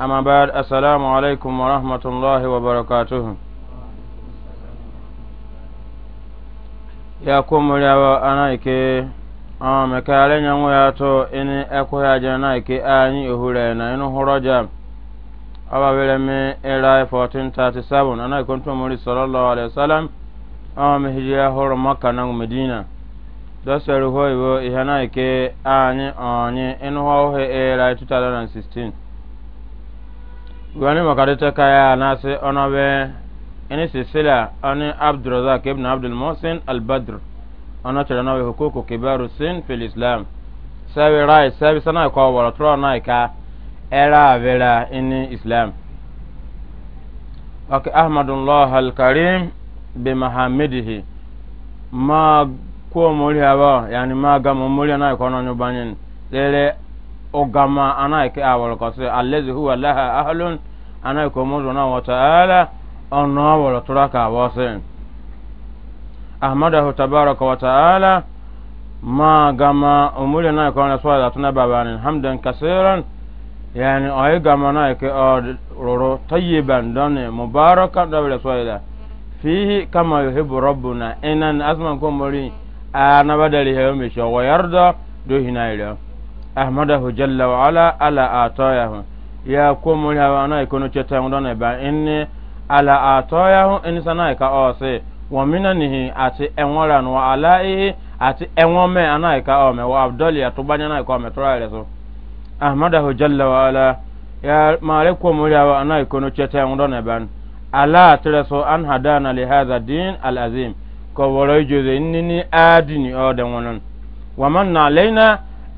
أما بعد السلام عليكم ورحمة الله وبركاته يا كم يا أنا كي أم كالين يا تو إني أكو يا جنا كي أني أهولنا إنه هرجا أبا بلمي إلى 1437 أنا كنت مولي صلى الله عليه وسلم أم هجيا هور مكة نعم مدينة دسر هو يبو إهنا كي أني هو إلى 2016 wani makarita kaya na se ona be ini sisila ani abdurazak ibn abdul musin al-badr ona tere na be hukuku kibaru sin fil islam sabi rai sabi sana ko wala tro na ka era vera ini islam ok ahmadullah al-karim bi mahamidihi ma ko mori haba yani ma ga mo mori na ko na nyobanyen lele ogama anaike awol kose allazi huwa laha ahlun anaiko muzuna wa ta'ala ono awol turaka wasin ahmadahu tabaraka wa ta'ala ma gama umuli na ko na swala tuna babanin hamdan kasiran yani ay gama na ke roro tayyiban don mubarakan da bala swala fihi kama yuhibbu rabbuna inan azman kumuri ana badali hayo mi sho wa yarda do hinaira ahmadahu jalla wa ala ala atoyahu ya ko mo ya wa na ikono cheta ndo na ba inni ala atoyahu inni sana ka ose wa minanihi ati enwara no ala ihi ati enwome ana ka ome wa abdali atubanya na ka ome torale so ahmadahu jalla wa ala ya mare ko mo ya wa na ikono cheta ndo na ba ala atreso an hadana li hadha din al azim ko woro jode inni ni adini o de wonon wa manna alaina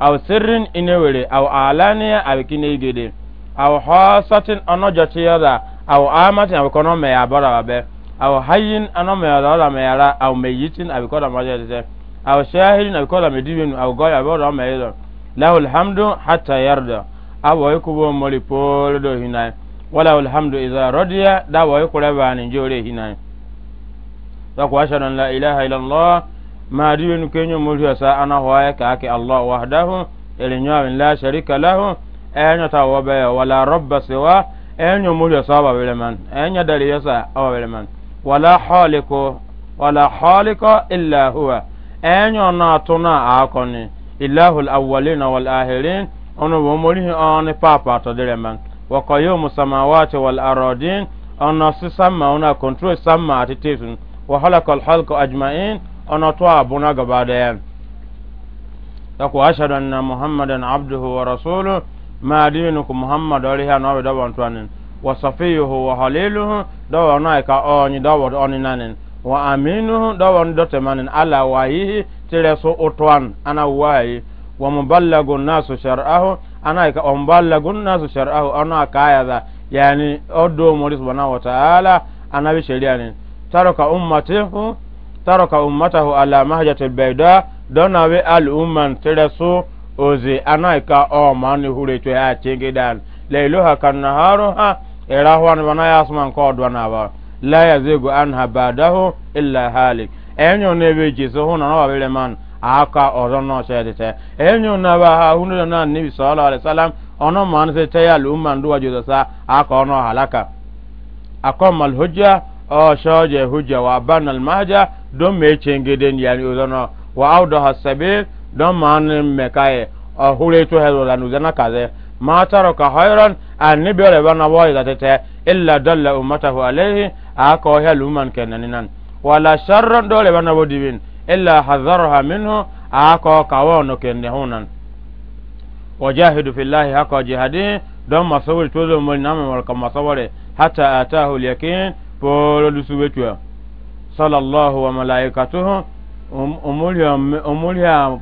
aw sirrin inewere aw alaniya aw kine igede aw hosatin ono jotiyada aw amatin aw kono me abara babe aw hayyin ano me yara me yara aw meyitin aw kono majete aw shahidin aw kono mediwin aw goya abara me yara lahu alhamdu hatta yarda aw wa kubo mori polo do hinai wala alhamdu idha radiya da wa yukureba jore hinai wa ashhadu la ilaha illallah ما دين كنيو مولي سا انا هواي كاك الله وحده النيو لا شريك له ان توبا ولا رب سوى ان مولي صابا بلمن ان دلي يسا او بلمن ولا خالق ولا خالق الا هو ان ناتنا اكوني اله الاولين والاخرين ono wo mori on papa to direman wa qayyum samawati wal aradin ono sisama ona control sama atitesun wa halakal halqa ajma'in ona to abuna gaba daya tako ashhadu anna muhammadan abduhu wa rasuluhu ma dinuku muhammad ali ha nawe dawan tuanin wa safiyuhu wa haliluhu dawa na ka onyi dawa oni nanin wa aminuhu dawa ndote manin ala wayihi tire so otwan ana wayi wa muballagun nasu shar'ahu ana ka umballagun nasu shar'ahu ana ka ya yani odo mori subhanahu wa ta'ala ana bi sharia ne taraka ummatihu taraka ummatahu ala mahjatil bayda dona we al umman teresu ozi anaika o mani hure to ya chingidan lailuha kan naharuha irahwan wana yasman ko dona ba la yazigu anha badahu illa halik enyo ne we jiso hono no wabele man aka ọzọ náà ṣẹdẹtẹ ẹyìn náà bá a hundred náà níbi sọlọ alẹsàlám ọ̀nà màá ní sẹ tẹ́yà lùmọ̀ ndúwàjú aka ọ̀nà halaka akọ malhojá o shoje hujja wa ban al mahja don me chengeden yani uzono wa awdo hasabil don man mekaye o hure to hezo la nuzana kaze ma taraka khairan annabi ole bana boy gatete illa dalla ummatahu alayhi ako heluman kenaninan wala sharran dole bana bodibin illa hadharha minhu ako kawono kenne hunan wajahidu fillahi haqqa jihadihi don masawir tozo mun namu wal kamasaware hatta atahu al yaqin polo dusu wetua sallallahu wa malaikatuhu um, umulia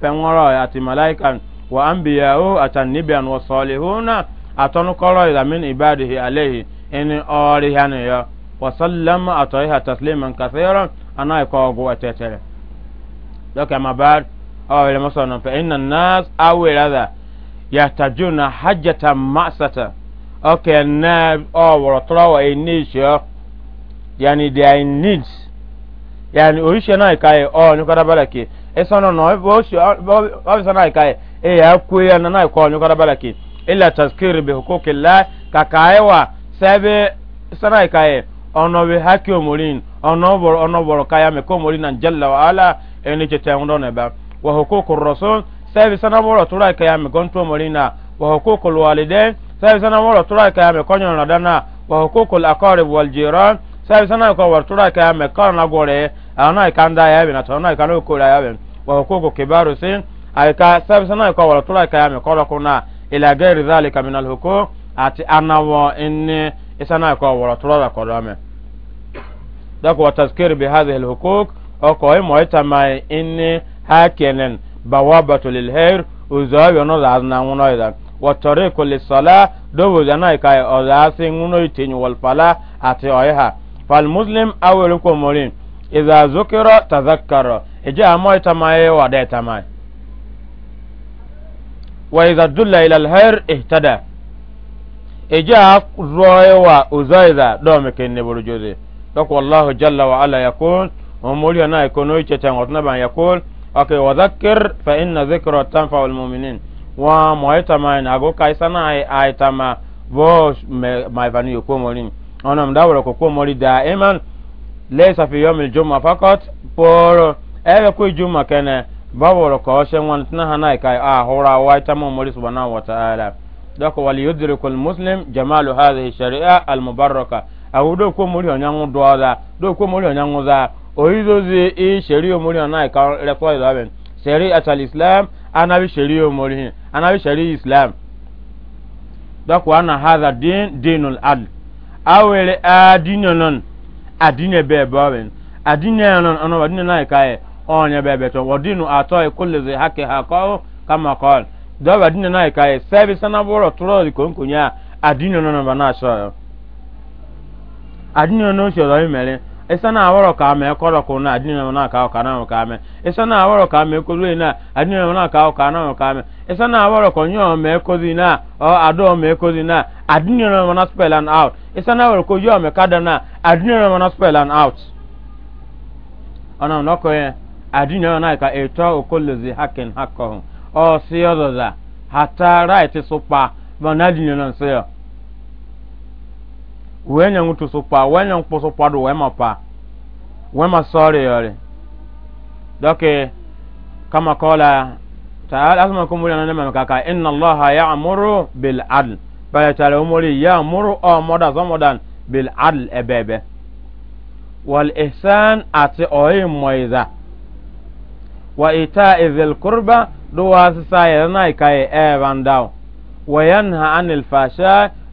pengoro ati malaikan wa anbiya'u atan nibian wa salihuna atonu koro ila min ibadihi alayhi ini ori hanu ya wa sallama atoiha tasliman kathira ana ko go atetere doka mabad awele masono fa inna nas awelada yahtajuna hajjatan ma'sata okay oh, na ọ wọrọ tọrọ wọ ẹni ìṣọ yanni their needs yanni oríṣi náà ìka yẹ ọ ní kọ́dá bàlẹ̀ kì ẹ sọnà náà ọ́fíìsì náà ìka yẹ ẹ yà á kú yẹ náà ìkọ́ ní kọ́dá bàlẹ̀ kì ilẹ̀ taskiri bi hukuku kìlá kàkà ẹ wà sẹ́bi sọ́nà ìka yẹ ọ̀nà bi hákì òmùrín ọ̀nà ọ̀bọ̀rọ̀ ọ̀nà ọ̀bọ̀rọ̀ káyà mi kó òmùrín náà jẹ́lẹ̀ wàhálà ẹni tètè ń dọ́nà ẹ̀bá wà hukuku rọ̀sùn sẹ́bi sọ́nà ọ̀bọ̀rọ̀ tó rà ìka yà mi gọ́ntú òmùrín náà wà hukuku lùwàlídẹ́ sai sana woro tura ka me konyo na dana wa hukukul aqarib wal jiran sai sana ko wor tura ka me kan na gore ana ikanda ya be na tona ikano ko ya be wa hukuku kibaru sin aika sai sana ko wor tura ka me koro kuna ila gairi dhalika min al hukuk ati anawo inni isana ko wor tura ko do me dako wa tazkir bi hadhihi al hukuk o ko e moita mai inni hakenen bawabatu lil khair uzawi no da na ngono وطريق للصلاة دو زناي كاي أزاسي نونو يتيني والفلا أتي أيها فالمسلم أولكم مولين إذا ذكر تذكر إجا أموي تماي ودي تماي وإذا دل إلى الهير اهتدى إجا روي وأزايدا دومك النبول جوزي دوك والله جل وعلا يقول ومولي أنا يكون ويتشتن وطنبا يقول أوكي وذكر فإن ذكر تنفع المؤمنين wa moitama na go kaisana ai tama bo mai vanu yoko mori ona mdawro ko ko mori da iman laysa fi yawm al-jum'a faqat por ebe ko juma ba bawro ko she wan tna hana kai a hora wa aitama mori subhanahu wa ta'ala dako wal yudriku al-muslim jamalu hadhihi sharia al-mubaraka awudo ko mori onyangu doada do ko mori onyangu za oyizozi i Sharia omori onai ka refo ben Sharia al-islam anabi sharia omori anabi sharia islam dɔkɔ ana hadha din dinul adl awere adinyo non adinye bɛɛ bɔbɛn adinye non ɔnɔ wa dinye naa e kaa yɛ ɔnye bɛɛ bɛ tɔn wa dinu atɔ ye kulle zi hake ha kɔɔ kama kɔɔl dɔw e wa na naa kaa yɛ sɛbi sana bɔrɔ turɔ di konkonya adinyo non ba naa sɔrɔ adinyo non sɔrɔ yi mɛlɛ. isa na awọrọ ka ama koro ko na na ka ọka na ka me isa na awọrọ ka me koro na na ka ọka na ka na awaro na o na adina na na spell and out isa na awọrọ ko yo me kada na adina na na spell and out ọ na ko adina na ka okolozi hakin hata na wɛnyɛ ŋutu so pa wɛnyɛ ŋkpɔsɔ pa do wɛma pa wɛma sɔɔri yɔri dɔke kama kɔɔla taala asoma ko muri anana mɛmɛ kaka inna allaha ya'muru bil adl bala taala o muri ya'muru o moda so modan bil adl ebebe wal ihsan ati oyi moiza wa ita'i dhil qurba do wasisa yana kai e bandaw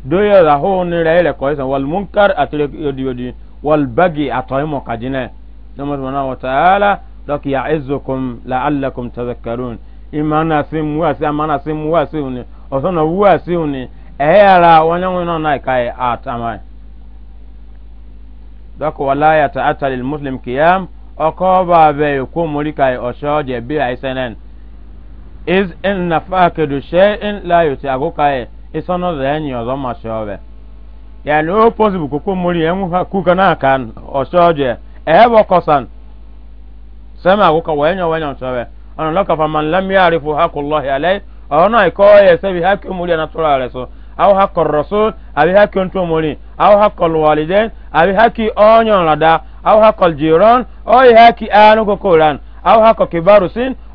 doye la ho ni re ile ko isan wal munkar atire yodi yodi wal bagi atoy mo kadine namo subhanahu wa ta'ala lak ya'izukum la'allakum tadhakkarun imana sim wasi amana sim wasi uni osona wasi uni eyara wanyangu no nai kai atamai dako wala ya ta'ata lil muslim qiyam okoba be ko mori kai oshoje bi aisenen is in nafaqidu shay'in la yutagu kai isono zenyi ozo mashove yani o possible koko mori enwu ha kuka na kan osoje ebo kosan sema kuka wenyo wenyo showe ana loka fa man lam ya'rifu haqullahi alay ona iko ye sebi hakki mori na tura reso aw haqqur rasul abi hakki onto mori aw haqqul walidain abi hakki onyo lada aw haqqul jiran o hakki anu kokoran aw kọ kibarusin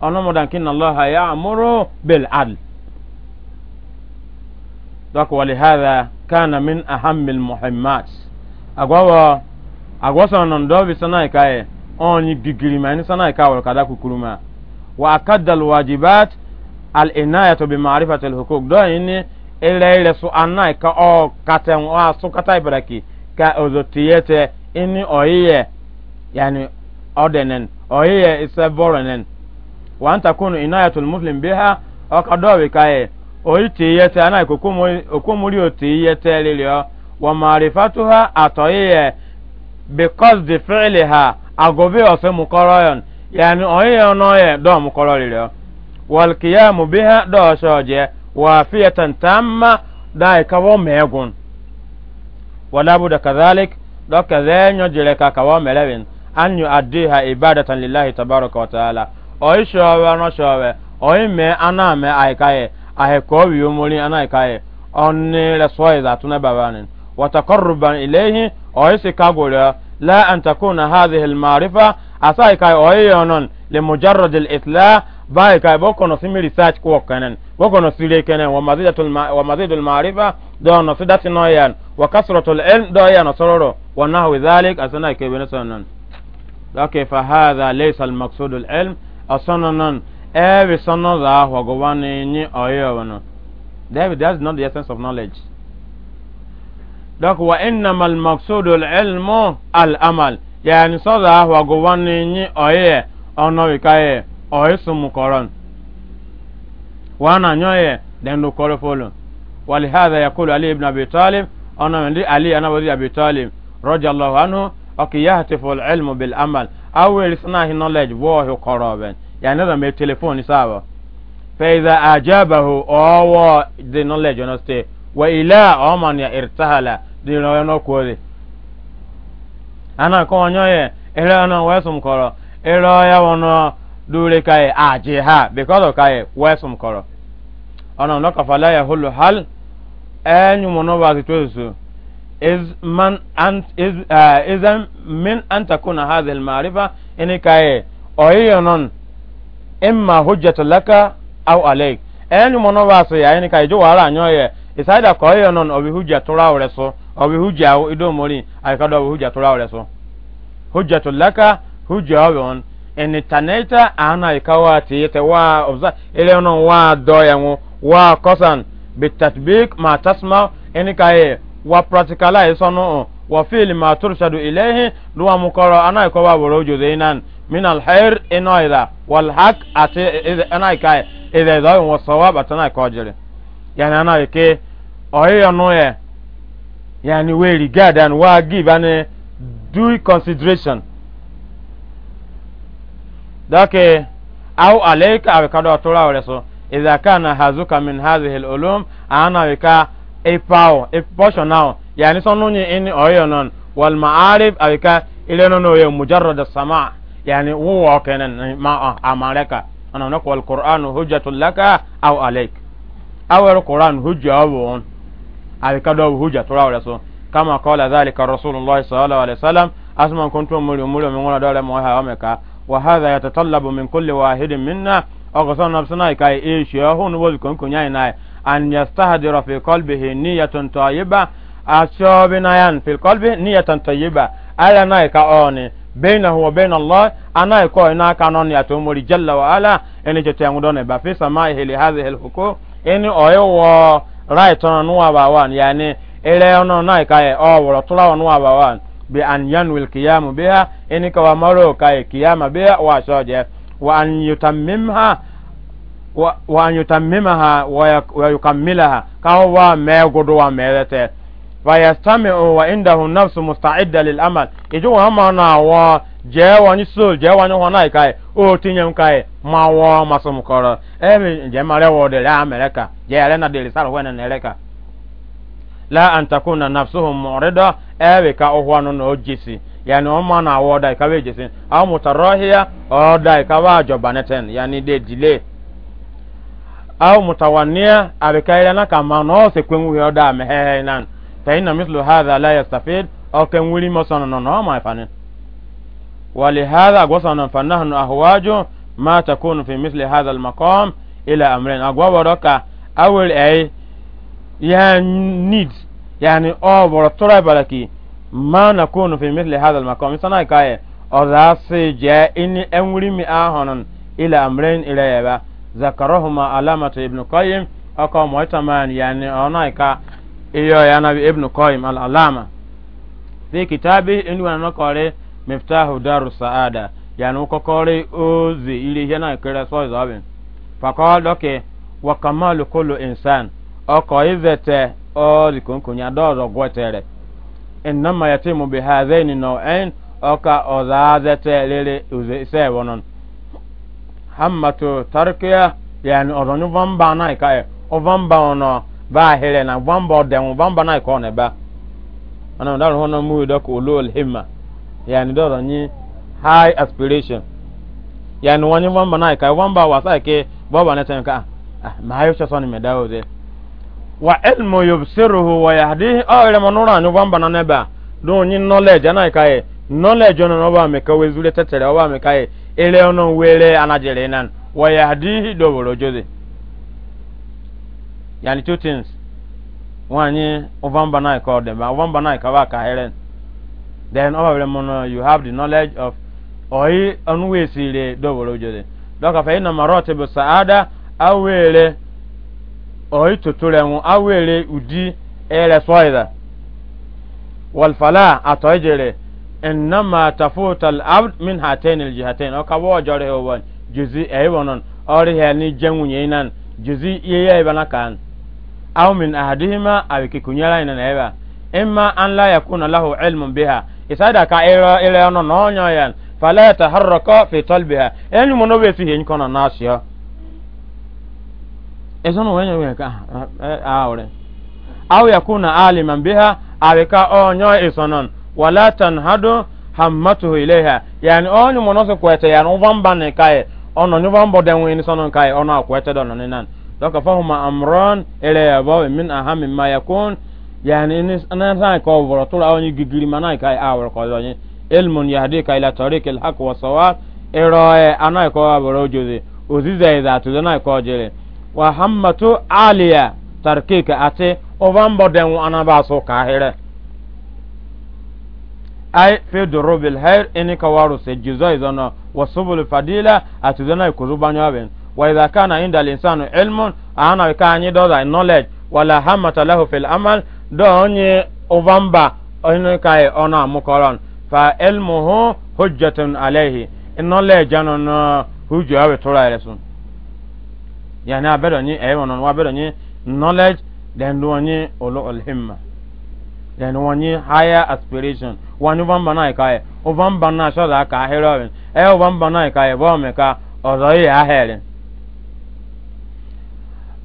ono mo dan kinna allah ya'muru bil adl dak wa lihadha kana min aham al muhimmat agwawa agwasa non do bi onye kai onyi gigiri ma ni sanai ka wal kada wa akadda al wajibat al inayatu bi ma'rifati al huquq do ini ile ile su anai ka o katen wa su katai baraki ka ozotiyete ini oyiye yani ordenen oyiye iseboronen wa an takunu inayatul muslim biha ɔkadɔwi kaye oyi ti yɛtɛ ana okomori oti yɛtɛ liliɔ wa marifatuha atɔyi yɛ because the fiili ha agobe ɔsɛ mukɔrɔ yɔn yani oyi yɛ ɔnɔ yɛ dɔɔ mukɔrɔ liliɔ walkiyamu biha dɔɔ sɔɔjɛ wa fiyatan tamma daa ikawɔ mɛɛgun walabu da kazalik dɔ kazɛ nyɔ jire ka kawɔ mɛlɛbin an yu ibadatan lillahi tabaraka wa ta'ala oyi showe ano showe oyi me ana me aikaye ahe kowi umuri ana aikaye onni resoi za tuna babanin وتقربا إليه أيسك أقول لا أن تكون هذه المعرفة أسايك أيونون لمجرد الإطلاع بايك بوكو سمي ريسيرش كوكنن بوكو سيري كنن ومزيد المع... ومزيد المعرفة دون سيدات نويان وكثرة العلم دويان سرورو ونحو ذلك أسنايك بنسنن لكن فهذا ليس المقصود العلم asononon every sono za hwagowani ni oyono David that's not the essence of knowledge dok wa innama almaqsudu alilmu alamal yani so za hwagowani ni oye ono wikaye oisumu koron wana nyoye dendo koro folo ولهذا يقول علي بن ابي طالب انا من علي انا Abi Talib. طالب رضي الله عنه وكي يهتف العلم بالعمل awel sana hi knowledge wo hi koroben ya ne me telephone sawa fa ajabahu awa the knowledge no stay wa ila oman ya irtahala de no no ana ko onyo ye ele no wesum koro ele ya wono dure kai aje ha because of kai wesum koro ona no kafala ya hulu hal enyu mono ba ti إذ من أنت إذ آه إذا من أن تكون هذه المعرفة إنك إيه أيون إما حجة لك أو عليك أن منواس يا إنك جو على نيوية إسايدا كأيون أو بحجة ترى ورسو أو بحجة أو إدو مولي أي كذا بحجة ترى ورسو حجة لك حجة أيون إن تنيتا أنا إكواتي يتوا أبزا إليون وا دويا وا كسان بالتطبيق ما تسمع إنك إيه wa pratikala isono wa fili ma turshadu ilayhi duwa mukoro ana ko wa woro jozeinan min alkhair inoida wal haq ate ana kai ida da wa sawab atana ko jere yani ana ke oyo no ye yani we regard and wa give an due consideration dake au alayka abikado atola wala so idha kana hazuka min hadhihi al ulum ana wika a power a portion yani sonu in oyo non wal ma'arif abika ile no yo mujarrad as-sama' yani wo kenan ma ah, amareka ana no wal qur'an hujjatul laka aw alayk aw qur'an hujja awon abika do hujja to rawo so kama qala dhalika rasulullah sallallahu alaihi wasallam asma kuntum muri muri min ngona dole mo ha ameka wa hadha yatatallabu min kulli wahidin minna أغصان نفسنا كاي إيش يهون وذكم كنيا ناي an yastahdira fi qalbihi niyatun tayyiba ashabinayan fi qalbi niyatan tayyiba ala nay ka oni bainahu wa bain Allah anay ko ina kanon ya to jalla wa ala ene jete ngudo ne ba fi samai hili hadhihi alhuku ene oyo wo right on nuwa ba wan yani ele ono nay ka e o woro tula on nuwa ba wan bi an yanwil qiyam biha ene ka wa maro ka e qiyama biha wa shoje wa an yutammimha wa yutamimaha wa yukammilaha kawo wa me godo wa merete wa yastami'u wa indahu nafsu musta'idda lil amal ijo wa ma na wa je wa ni so je wa ni ho na kai o tinyem kai ma wa masum koro e mi je ma re wo de la amerika je re de sar na amerika la an takuna nafsuhum mu'rida e be ka o ho yani o na wa da ka we jisi aw mutarahiya o da ka wa jobaneten yani de delay أو متوانية أبكاي لنا كما نوسي كون ويودا مهينان فإن مثل هذا لا يستفيد أو كن ولي مصنع نوما نو يفنن ولهذا قصنا فنحن أهواج ما تكون في مثل هذا المقام إلى أمرين أقوى ورقة أول أي يعني نيد يعني أو ورطرة بلكي ما نكون في مثل هذا المقام سنة كاية أو ذا سيجا إني أمري مئة إلى أمرين إلى يبا zakarahuma alamatu ibn qayyim aka mu'taman yani ona ka iyo yana ibn qayyim al alama fi kitabi inu wana kore miftahu darus saada yani uko kore ozi ile yana kira so zabin fakol doke wa kamalu kullu insan oko izete o likunkunya dozo gwetere innama yatimu bihadhaini naw'ain oka ozazete lele uze sewonon hammatu tarkiya yani ọdọnyu vamba nai ka ẹ e, ọnọ na vamba vamba nai ka ba ọnà ọdọ ọrùn hàn mú ìdọkọ olóòl himma yani dọrọ nyi high aspiration yani wọn vamba nai ka e, vamba wasa ike ka ah maa ni mẹ dáwọ dẹ wa ilmu yubsiruhu wa yahdihi ọ vamba ba knowledge nai ka e, knowledge ọ̀nà ọba mi ka wezule ka ele ono wele anajele nan wa yahdihi dowolo jode yani two things wanyi ovamba na ko dem ovamba na ka ka heren then over mono you have the knowledge of oyi onwe sire dowolo jode doka fa ọtị maratibu saada awere oyi tutule mu awere udi ere soida wọlfala atọ atoyjere إنما تفوت العبد من هاتين الجهتين أو كبو جره وان جزي أيوانون أوري هني جمو ينان جزي يي أيوانا كان أو من أحدهما أو كيكونيلا ينان أيوا إما أن لا يكون له علم بها إسادا كا إيرا إيرا نونيا يان فلا يتحرك في طلبها يعني منو بيسي هين كنا ناسيا إذن وين وين كا أوري أو يكون عالما بها أو كا أو نيا إسانون wala tanhadu hammatuhu ilaiha yani onyu monoso kwete yani uvamba ne kae ono nyuvambo de ngwini sono kae ono akwete dono ni nan doka fahuma amran ilaiha bawe min ahami ma yakun yani ini anasan ko voro tula ni gigiri manai kae awro ko donyi ilmun yahdika ila tariqil haq wa sawab iroe anai ko abro juzi uzize za tuzana ko jere wa hammatu aliya tarkika ate uvambo de ngwana baso kahire ai fi dorobil hair ini kawaru se jizo izono wa subul fadila ati zona ikuru banyo ben wa idha kana inda linsanu ilmun ana ka anyi doza knowledge wala hamata lahu fil amal do onye ovamba onye kai ona mukoron fa ilmuhu hujjatun alayhi knowledge anon hujja awe tora resun yani abedo ni e wonon wa abedo ni knowledge then do onye ulu al himma then onye higher aspiration wani van bana ka ye o van bana so da ka hero ben e o van bana ka ye bo me ka o zo ye a hele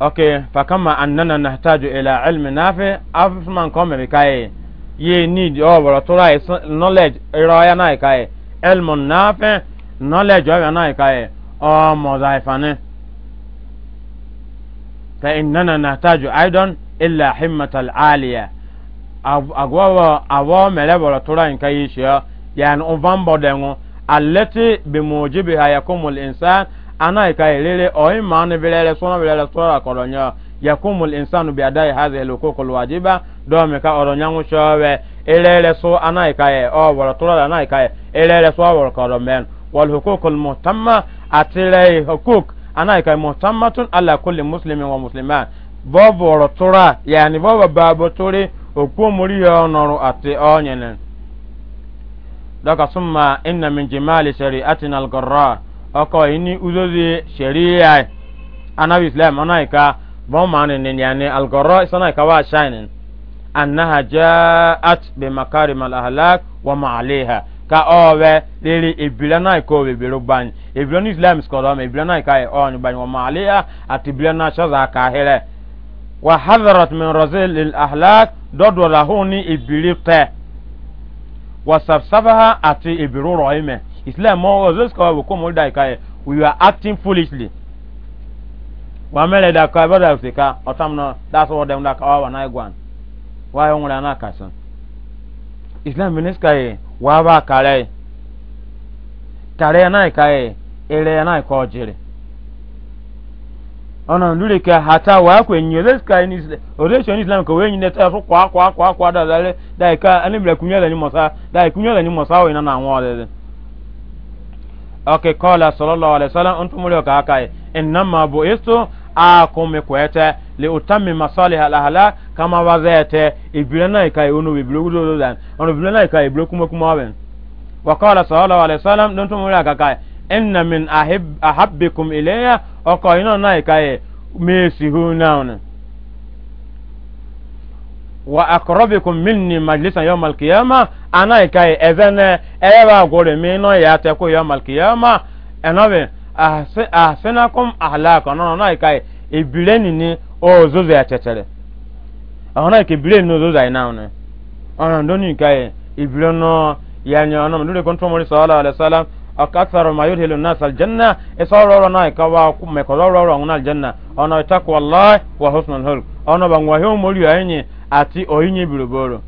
okay fa kama annana nahtaju ila ilmi nafi afman ko me ka ye ye need o bo to ra knowledge ro ya na ka ye ilmun nafi knowledge o ya na ka ye o mo da ifane fa innana nahtaju aidan illa himmatal aliyah agwawo awo mele bolo tura in kai shi ya ni uvan alleti allati bi mujibi ha insan ana kai lele o iman bilele sona bilele tura kolonya yakumul insanu bi adai hadhihi al-huquq al-wajiba do me ka oronyangu showe ilele so ana kai o bolo tura ana kai ilele so bolo kolomen wal huquq al-muhtamma atilai huquq ana kai muhtammatun ala kulli muslimin wa muslimat bobo tura yani bobo babo tori okpomori ya ọnọrụ ati ọnyene daga summa inna jimali shari'atina al-garra ini uzozi shari'a anabi islam anaika bon mani ne isanaika wa shainin annaha ja'at bi makarim al-ahlak wa ka na iko owe bere ban ni islam skoro ma ebile na ika ati na shaza ka hele wa hadarat min razil al ahlak dodo la honi ibiri pe wa sabsabaha ati ibiru roime islam mo ozos ka wo ko mo dai kai we are acting foolishly wa mele da ka ba da fika otamno that's what them da ka wa na igwan wa yo ngula na kasan islam minis kai wa ba kare tare na kai ere na ko jire ọnọ ndụrị ka hata wa kwenye ole ka ka wee nyine taa so kwa kwa kwa kwa dadale dai ka ani bila kunya la ni mosa ni na nwa ole oke kola sọlọ alaihi wasallam antum mulio ka ma bu isto a kome kwete le utami masali halahala kama wazete ibile na dan na ikai ibile kuma kuma inna min ahabbikum ilayya ọkọ na náà ìkáyẹ mẹ́sì hu náà wa akọrọbikum minni majlisa yọ malkiyama ana ìkáyẹ yọ malkiyama ẹ̀nà bẹ̀ àṣẹ́nàkùn àhàlàkọ̀ náà náà ìkáyẹ ìbílẹ̀ nìní ọ̀zọ́zọ́ ẹ̀tẹ̀tẹ̀rẹ̀ ọ̀nà ìkẹ́ ìbílẹ̀ nìní ọ̀zọ́zọ́ ẹ̀ ni ọ̀nà ìdóni ni akasaro ma yudhilu nas aljanna isororo na ikawa kumme kororo nguna aljanna ono takwa allah wa husnul hulk ono bangwa hiyo muri ayenye ati oyinye biroboro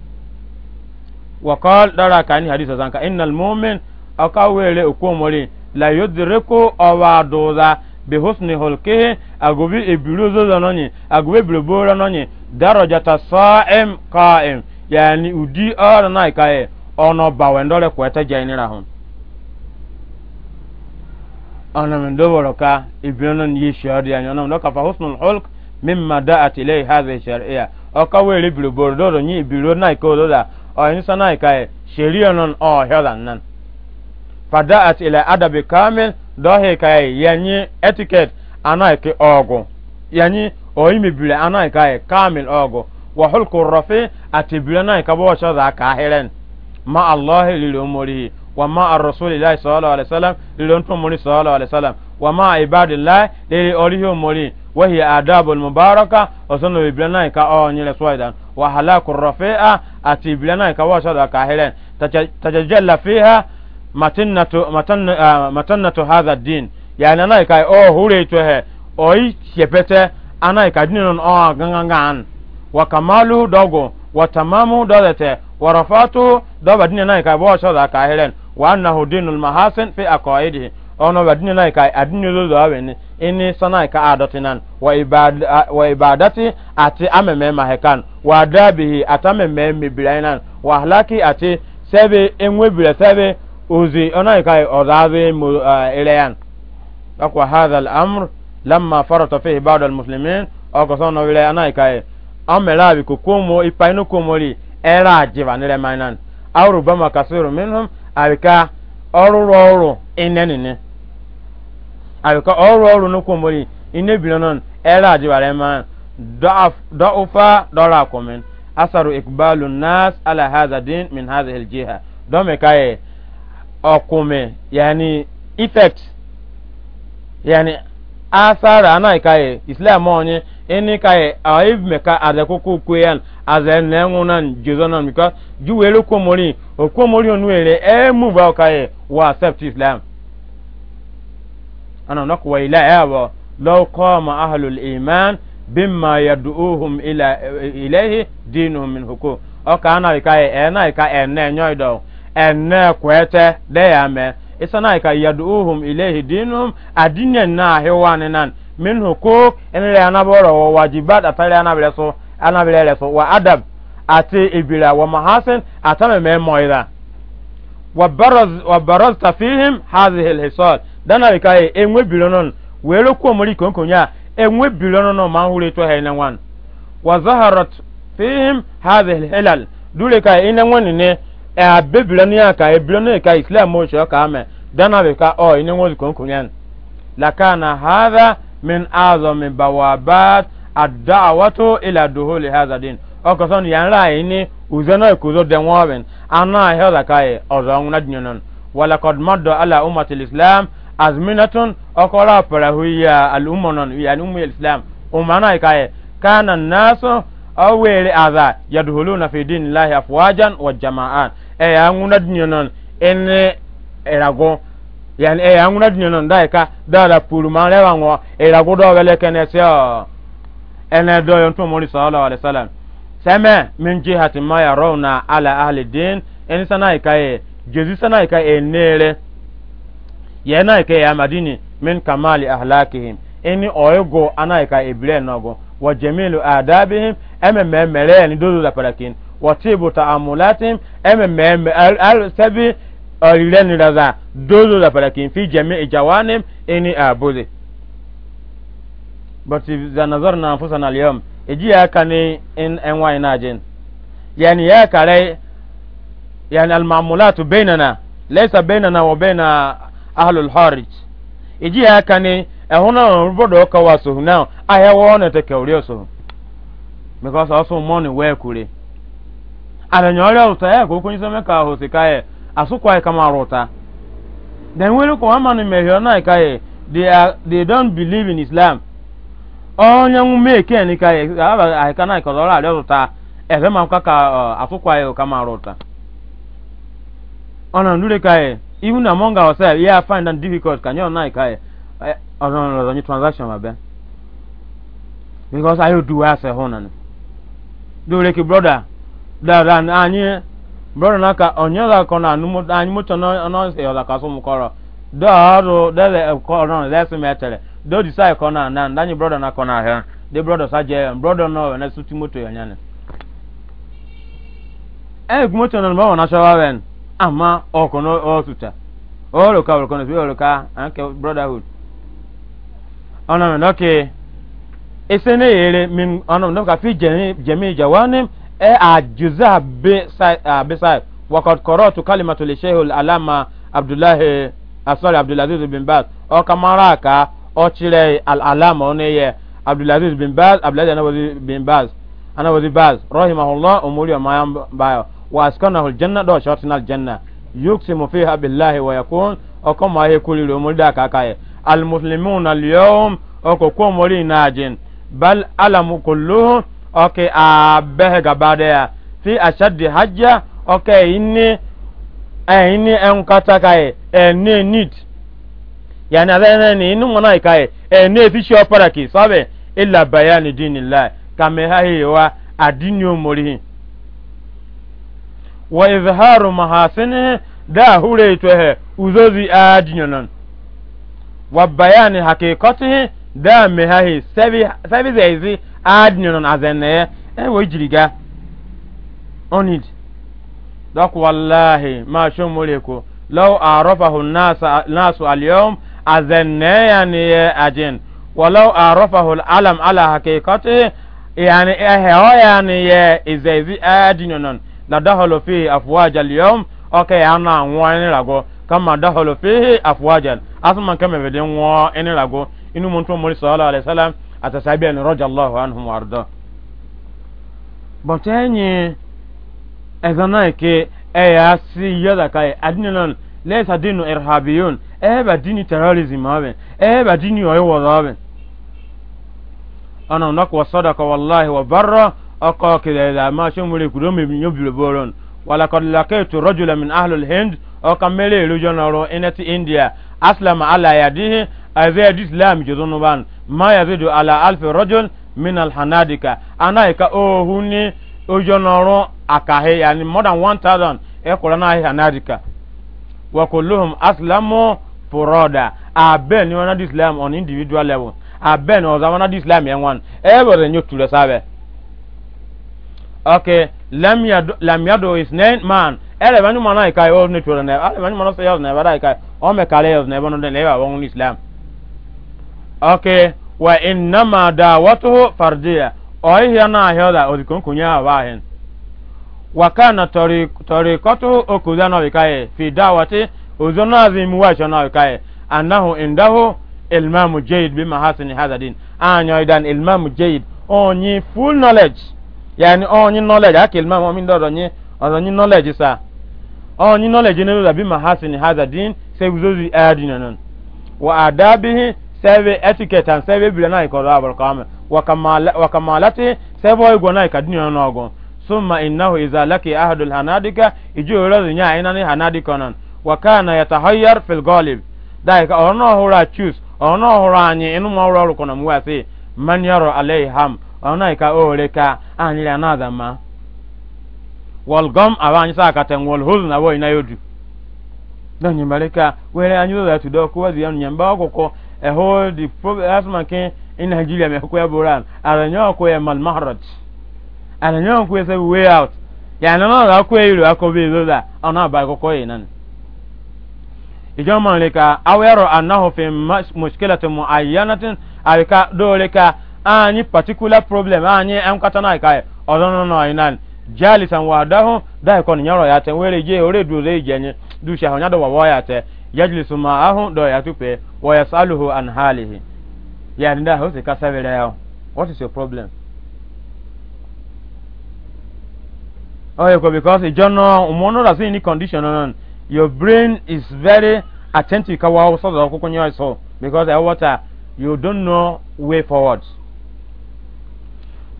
wa qal dara ni hadisa zanka innal mu'min akawele okomori la yudriku awaduza bi husni hulkihi agubi ibiruzo zanonye agubi biroboro nonye darajata sa'im qa'im yani udi ara na ikaye ono bawendole kwete jainira hon أنا من دورك ابن يشاري أنا من دورك فحسن الخلق مما دعت إليه هذه الشرعية أقوى لبلو بردو ني بلو نايكو دولا أو إنسان نايكاي شريعة أو هيلا فدعت إلى أدب كامل دوهي كاي يعني etiquette أنايكي أوغو يعني أويمي بلو أنايكاي كامل أوغو وحلق الرفي أتبلو نايكا بوشا ذاك أهيلين مع الله للأموره wa ma a rasulillahi sallallahu alaihi wasallam lilon tun muri sallallahu alaihi wasallam wa ma ibadillahi lili orihi muri wahi adabul mubaraka osunu ibrana ka o nyile swaidan wa halakur rafi'a ati ibrana ka wa shada ka helen tajajalla fiha matannatu matannatu hadha din yani na ka o hure to he oi chepete ana ka dinon o gangangan wa kamalu dogo wa tamamu dodete wa rafatu doba dinan ka bo shada ka helen wa annahu dinul mahasin fi aqaidihi ono wa dinina ka adinu lo lo awene ini sana ka adotinan wa ibad wa ibadati ati ameme mahekan wa dabihi atameme mibilainan wa halaki ati sebe enwe bile sebe uzi ono ka odabe mu ileyan akwa hadha al-amr lamma farata fihi ba'd al-muslimin akosono wile anaika amela bi kukumo ipainu kumoli era ajiba nile mainan au rubama kasiru minhum abika ọrụrụ ọrụ inenene abika ọrụ ọrụ nnukwu omori inebiro non era ajibara ma dọufa dọrọ akwụmin asaru ikbalu nas ala min din min haza hiljiha dọme kaye ọkwụmi yani effect yani asara anaghị kaye islam onye ka ị e, a ivme ka aze kuku kuyan aze nengunan jizonan because juwele komori o e move out wa accept islam ana nok wa ila yawo e law qama ahlul iman bimma yad'uhum ila ilayhi dinuhum min hukum o ka e, na ka enne nyoido enne kwete de ya me isa na ka yad'uhum dinuhum adinya na hewanenan min hukuk ɛnlɛ anabɔrɔ wɔ wajibat atalɛ anabilɛ so anabilɛ lɛ so wa adab ati ibira wa mahasin atame mɛ mɔyira wa baroz wa baroz tafihim hazihi lhisɔl dana bi ka ye enwe bilonon welo ko mori konkonya enwe bilonon ma hure to hay nan wan wa zaharat fihim hazihi hilal dule ka ina wani ne a eh, bebiloni aka e biloni ka islam mo sho ka me dana bi ka o oh, ina wani konkonya lakana hadha min azami bawabat adawatu ila duhuli hadha din okoson yanra ini uzeno kuzo denwoben ana hela kai ozon na dinyon wala qad madda ala ummati alislam azminatun okora parahuya alummanon yani ummi alislam umana kai kana an-nasu awere aza yadhuluna fi dinillahi afwajan wa jama'an e yanuna dinyon en erago yani e eh, yanguna dinyo non dai ka dala pulu ma lewa ngo e la godo wele kene se o ene do yon to mori sallallahu alaihi wasallam seme min jihati ma yarawna ala ahli din en sana ka e eh, jezi sana ka e nere ye na ka ya madini min kamali ahlakihim eni oyego ana ka ibire nogo wa jamilu adabihim eme memere ni dodo da parakin wa tibu ta'amulatihim eme meme al sabi ọ̀rìrẹ́ni raza dóòzò rafara kì í fi jẹ̀mí ìjàwánìm ẹni àbúlé. bọ́tí zanazọ́rọ̀ náà fún sanàlíọ́m èjì yà kà ní ẹnwá iná jìn yẹn yà kàrẹ́ yẹn alimamulatu bẹ́ẹ̀nana lẹ́sà bẹ́ẹ̀nana wọ bẹ́ẹ̀na ahlul èjì yà kà ní ẹ̀hún náà rúbọ̀dọ̀ kọ́ wa sòhùn náà ayẹwọ́ ọ̀nà tẹ kẹwìrì ọ̀sòhùn because ọ̀sùn asukwa kama rota then wele ko amani mehio na kai they are they don't believe in islam onye nwume eke ni kai aba aika na ko ra le rota ebe ma ka asukwa kama rota ona ndure kai even among ourselves yeah find that difficult can you na kai ona no no transaction mabe because i do as a honan do like brother that and brother naka onyola ko na anumu anyi mucho no no se ola kaso mu koro do aro dele ko no lesi metere do disai ko na na ndanyi brother naka na he de brother sa je brother na suti moto ya nyane e moto no ma na shawa wen ama oko no osuta oro ka oro kono oro ka anke brotherhood ona me noke esene yere min e a juza be sai be sai wa qad qara'tu kalimatu li shaykh al-alama abdullah asari abdulaziz bin baz o kamara ka o chire al-alama oneye abdulaziz bin baz abdulaziz anawazi bin baz anawazi baz rahimahullah umuri wa mayam bayo wa askanahu al-janna do shatina al-janna yuksimu fiha billahi wa yakun o kama he kuliri umuri da kakaye al-muslimuna al-yawm o ko ko mori najin bal alamu kulluhum okay a behe gaba daya fi ashaddi hajja okay inni eh inni en kata kai eh ne need yani adana ni inu mona kai eh ne fi shi opara ki sabe illa bayani dinillah kame hahiwa adinyo morihi wa izharu mahasinihi da hure itohe uzozi adinyonon wa bayani hakikatihi da mehahi sabi sabi zaizi adịnị nọ n'azịnị ya enwe jiri ga onid dọk wallahi ma shon moleko law arafahu nasu alyawm azanna yani ya ajin walau arafahu alam ala haqiqati yani ehwa yani ya izaizi adinyo non la dahalu fi afwaj alyawm okay ana wani rago kama dahalu fi afwajan asman kama bidin wo eni rago inu muntu muri sallallahu alaihi wasallam atasabi ani rɔja allahu anhum warda bɔtɛ nye ɛzana yi ke ɛyà si yada ka yi adini nan lɛsa dinu irhabiyun ɛyɛba dini terrorism abɛ ɛyɛba dini ɔyɛ wɔdɔ abɛ ɔnà ɔnà kò sɔdɔ kò wàllahi wà barra ɔkò kìlẹ̀ ɛdá ma ṣé mo lè kudo mi nyɔ bìlẹ̀ bɔlɔn wàlàkɔdìlàkè tó rɔjula min ahlul hind ɔkà mɛlɛ ìlú jɔnɔrɔ ɛnɛti india asilama ala yadihi ɛzɛ di islam jɔdɔnuban Maya yazidu ala alfi rajul min alhanadika ana ka ohuni ojonorun akahe yani more than 1000 e qur'ana hanadika wa kulluhum aslamu furoda abe ni wana islam on individual level abe ni oza wana islam yen wan e bere nyo ture sabe okay lam yadu is yadu man ele banu mana ka o oh, ne ture ne ale banu mana sayas ne bara ka o me kale yas ne banu ne le wa islam Ok, wa innama dawatuhu fardiya oihia na ahioda odikonkunya abahin wa kana tariqatuhu okuda na wikaye fi dawati uzona azim washa na wikaye annahu indahu ilmamu jayyid bi mahasini hadha din anyo idan ilmamu jayyid onyi full knowledge yani onyi knowledge ak ilmamu min dodo nyi onyi knowledge sa onyi knowledge ne bi mahasini hadha din sai uzozi adinanon wa adabihi sɛbe etiquette and sɛbe bila na ikɔdɔ abarokame wakamalati sɛbe oigɔ na ikadini ɔnɔ ɔgɔ Suma innahu izalaki ahadul hanadika iju orozi nya ina ni hanadika nan wakana yatahayyar fil ghalib dai ka ɔnɔ hura choose ɔnɔ hura anyi inu ma hura rukuna muwasi man yaro alayhi ham ɔnɔ ka ore ka anyi la na zama wal gam awanyi sa katen wal huzn awo ina yodu dan nyimbalika wele anyi zo ya tudoko wazi ya nyamba akoko eho di asma ke in Nigeria me ko boran ara nyo ko e mal mahraj ara nyo ko say way out ya na na ra ko e ru akobe zo da ona ba ko ko yinan ijo man le ka awero annahu fi mushkilatin muayyanatin alka dole ka any particular problem any ka odono no yinan jalisan wadahu da ko nyaro ya te were ya yajlisu ma'ahu do ya tupe wa yasaluhu an halihi yani da hose ka sabere yao what is your problem oh yeah because you don't know. umono da sin any condition non your brain is very attentive ka wa so da ko kunyo so because the water you don't know way forward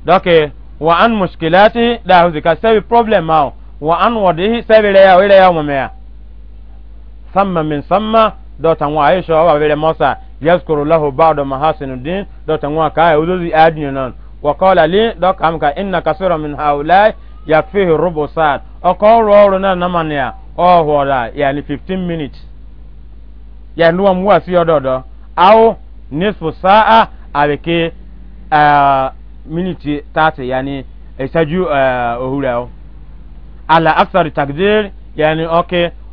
doke wa an mushkilati da hose ka sabi problem mao wa an wadihi sabere yao ile yao mumea Sama min samma dota nwa aisha wa mosa yaskuru lahu ba'da mahasinuddin dota nwa ka ya uzuzi adin non wa qala li doka amka inna kasira min haulai yakfihi rubu sa'ad o ko roro na namania o hola yani 15 minutes ya nuwa muwa si ododo au nisfu sa'a abeke uh, minute 30 yani isaju uh, ohura ala aksari takdir yani okay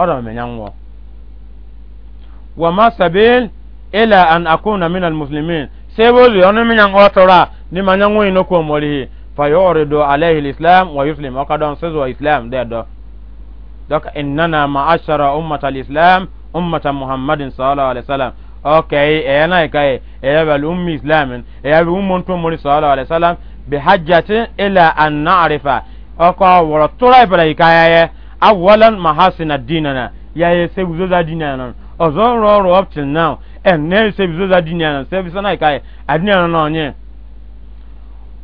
أرى من ينوى وما سبيل إلا أن أكون من المسلمين سيقول لي أنا من ينوى ترى نما ينوى ينوى موليه فيعرض عليه الإسلام ويسلم وقد أنسزوا إسلام ده ده دك إننا معاشر أمة الإسلام أمة محمد صلى الله عليه وسلم أوكي إيه أنا إيه إيه بالأم إسلام إيه بالأم أنتم مولي صلى الله عليه وسلم بحجة إلا أن نعرف أكو ورطولة بلا awalan mahasina dinana ya ye sebuzo za dinana ozo ro ro up till now and ne sebuzo za dinana sebuzo na kai adinana no nye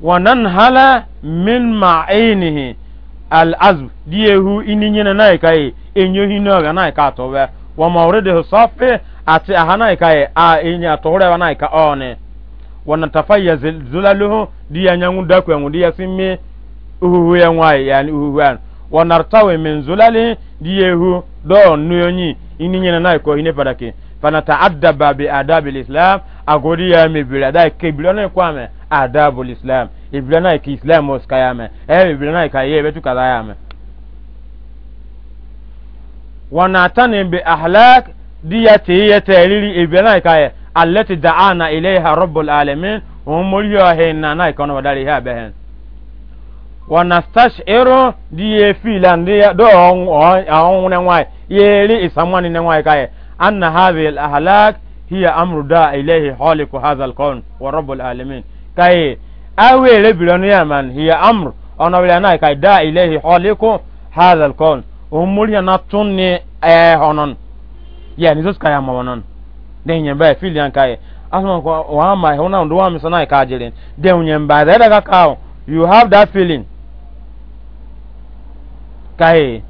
wanan hala min ma'inihi al azb diyehu ininyina na kai enyohi no ga na ka to we wa mawridu safi ati ahana kai a enya to re na ka one wana tafaya zulaluhu diya nyangu dakwe ngu diya simme uhuhu ya ngwai yani uhuhu ya wanartawe min zulali diyehu do nuyonyi ini nyina na ko ine padake fanata adaba bi adabi islam agodi ya mi bi da na bi lona ko ame adabu islam ibla na ki islam os kayame e eh, ibla na ka ye betu kala yame wanatani bi ahlak diyati yata lili ibla na ka ye allati da'ana ilayha rabbul alamin umul yahinna na ikono ya ha behen wanastashiru di ye fila ndi do awon ne nwai isamwani ne nwai anna hadhihi al hiya amru da ilayhi khaliqu hadha al wa rabbul alamin kaye awe re bilonu man hiya amru ona wala na kaye da ilayhi khaliqu hadha al kawn umuriya na eh, honon yani zos kaya mawonon den yemba filian kaye asma ko wa ma hona ndo wa misana kajirin den yemba da daga kawo you have that feeling kaị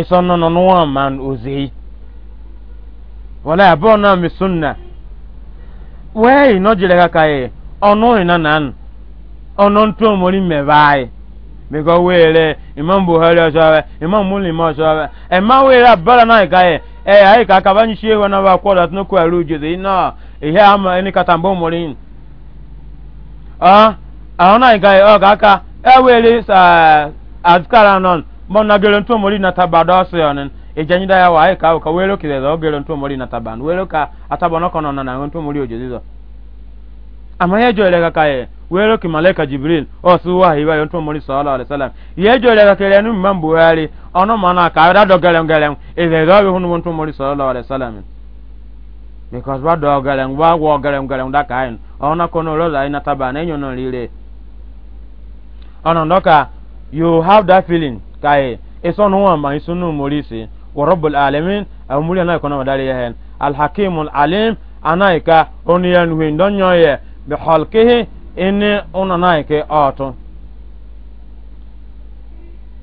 ịsọ nọ n'ụwa ma ozeyi wala abụọ na misunna wee ịnọjire ka kaị ọnụ ịna na anụ ọnụ ntụ omori mmebe anyị biko weere imam buhari ọsọrọ imam mulim ọsọrọ ẹma weere abala na kaị ẹ anyị ka akaba nyichie ewe na akwọ dat n'okwu arụ ujede na ihe ama ẹni e kata mgbe omori ọ ahụ na kaị ọ ka aka e weere azkara nọ mo na gelo ntu mori na tabada so yonen e janyida ya wa e ka ka welo kide do gelo ntu mori na taban welo ka atabono kono na na ntu mori ojezizo ama ye jole ka kae welo ki malaika jibril o su wa ntu mori sallallahu alaihi wasallam ye jole ka kele nu mambu yali ono mana ka da do gelo gelo e de do bi hunu ntu mori sallallahu alaihi wasallam because wa do gelo wa wo gelo gelo da kae ona kono lo taban kai iso no wa ma iso no morisi wa rabbul alamin amuri na kono madari ya al hakimul alim anaika oni yan wi ndonyo ye bi halkihi in onanaike oto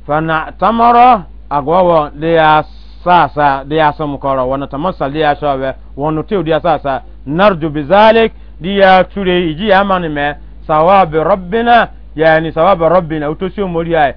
fana tamara agwawo de ya sasa de ya som koro wana tamasa de ya shobe wono te de ya sasa narju bizalik de ya ture iji amani me sawabi rabbina yani sawabi rabbina utosi umuri ay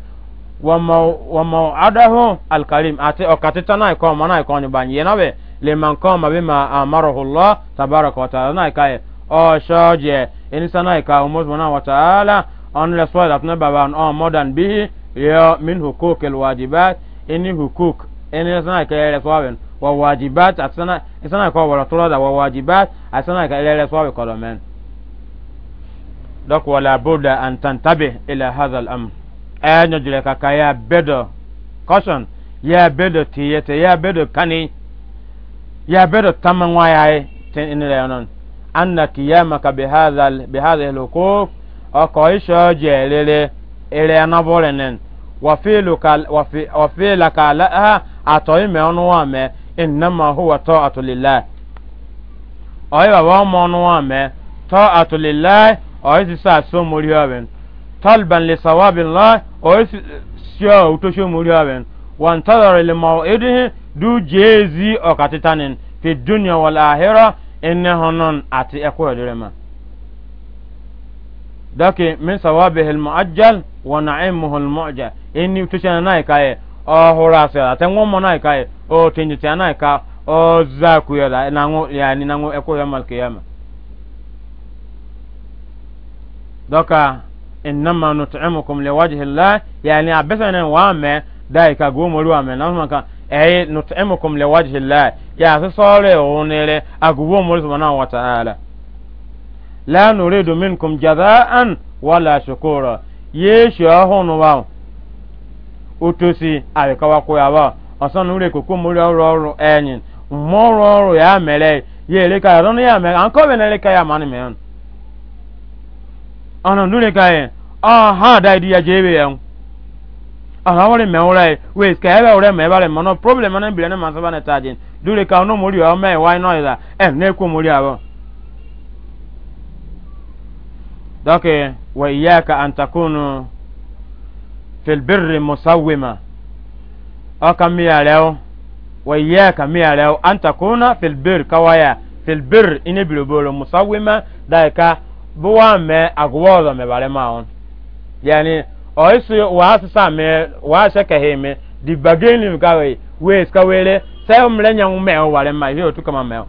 wama adahu alkarim ati okatita na ikon mana ikon ni banyi yenabe liman kama bima amarahu Allah tabaraka wa ta'ala na ikaye o shoje inisa na ika umuzmana wa ta'ala on reswa that na baba on more bihi yo min hukuk al wajibat ini hukuk ini sana ika reswa ben wa wajibat asana isana ko wala tulada wa wajibat asana ika reswa be kodomen dok wala buda an tantabih ila hadha al e gyerɛ kaka yɛ abɛdɔ kɔsɔn yɛ ya tiyɛtɛ yɛ abɛdɔ kani yɛ abɛdɔ tama ŋwayaɛ tɛn ɛnɛ yɛ nɔn kiyama ka bihazal bihazal ɔkɔ isɔ ɛrɛ wafi wafiila ka laha atɔyi ɔnu wa mɛ innama huwa tɔ atulila baba ɔmɔ ɔnu wa mɛ tɔ atulila ɔyi sisan so mori ɔbɛn. talban li sawabillah o sio utosho muri aben wan tadara li maw'idihi du jezi o katitanin fi dunya wal ahira inne honon ati eko edirema dake min sawabihi al muajjal wa na'imuhu al mu'ja inni utosho na ikaye o horasa atenwo mo na ikaye o tinjita na ika o zakuyela nango yani nango eko yamal kiyama doka innama nut'imukum liwajhi llah yani abesene wa me dai ka gomoru wa me na maka ay nut'imukum liwajhi llah ya so sore onere agubo mo subhanahu wa ta'ala la nuridu minkum jazaan wala shukura yeshu ahunu wa utosi ay ka wa ko ya ba asan ure ko ko mo ro ro enyin mo ro ro ya mere ye le ka ro ya me an ko be ne le ka ya mani me ana ndure kae a ah, ha da idi ya jebe ya ana wale me wale we ska ya wale me wale mono problem ana bi na ma so ba na tajin dure ka no muri o me why no ida e na ku muri abo dake wa iyyaka an takunu fil birri musawwima aka mi ya leo wa iyyaka mi ya leo an takuna fil birri kawaya fil birri ine bilobolo musawwima daika buwa me agwozo me bare maon yani oisi wa sisa me wa sheke he me di bageni ka we we ska wele sai umle nyang me o wale ma hiyo tu kama me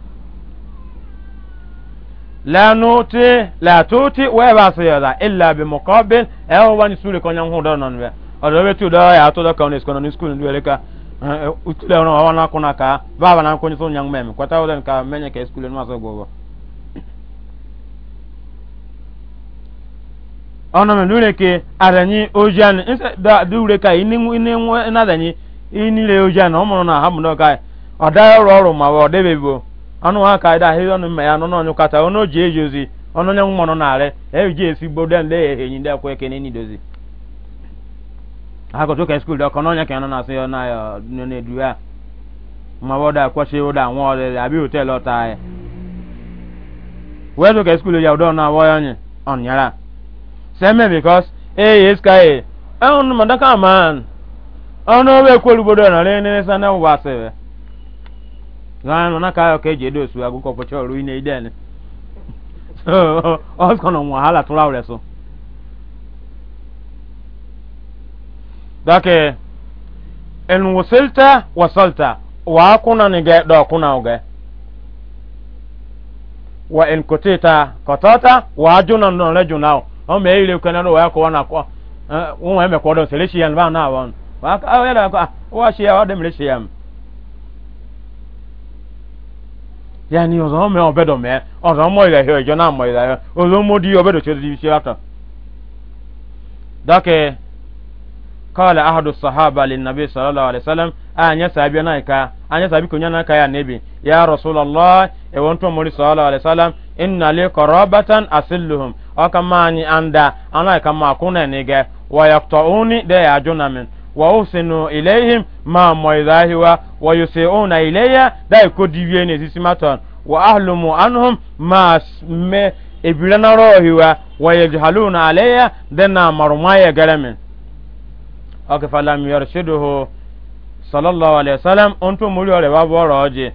la nuti la tuti we ba so yoda illa bi muqabil e o wani sule ko nyang hudo non be o do tu do ya to do ka onis kono ni school ndu ele ka eh, utule ona wana kuna ka baba na ko nyi so nyang me kwata o den ka menye ke school ni ma so gogo ọnụ m n'ure ke adanyi ojian da dure ka ini inile ọ mụrụ na ha ka ọ daa ọrụ ọrụ ma ọ debe bụ ọnụ ha ka ọnụ mma ya n'ọnụ ọnyụ kata ọnụ oji eji ozi ọnụ onye na-arị ebi ji esi ndị ndị dozi ka skuul ya nọ na-asị e. na ya ọ da ụda nwa abịa ọta na-awọ seme because eh is kai eh, on madaka man on oh, we kwelu bodo na le ne sana wa se na na ka ke je do su agu ko pocho ru ni den so os kono mo hala to lawe so dake en wasilta wasalta wa kuna ni ga do kuna oge wa en koteta kotata wa juna no le junao ọmọ eyi le kan na wa ko wana ko won wa me ko do sele shiyan ba na won wa ka awe la ko wa shiya wa dem le shiyam yani ọzọ mẹ ọbẹ dọ mẹ ọzọ mọ ilẹ hẹ ọjọ náà mọ ilẹ hẹ ọzọ mọ di ọbẹ dọ tí o di ṣe àtọ. dọkẹ kọọlẹ ahadu sahaba lè nàbí sọlọlọ alẹsàlẹm ànyẹ sàbí ọ náà ká ànyẹ sàbí kò nyẹ náà ká yà níbi yà rọṣọlọlọ ẹwọn tó mọrí sọlọ alẹsàlẹm ìnàlẹ kọrọ bàtàn àṣìlùhùn aka maani anda ana kama kuna nige wa yaqtauni de ajuna min wa usinu ilayhim ma moidahi wa wa yusiuna ilayya da ko diwie ne sisimaton wa ahlumu anhum ma me ibirana rohiwa wa yajhaluna alayya dana marumaya garamin aka falam yarshiduhu sallallahu alaihi wasallam onto muri ore wa boro oje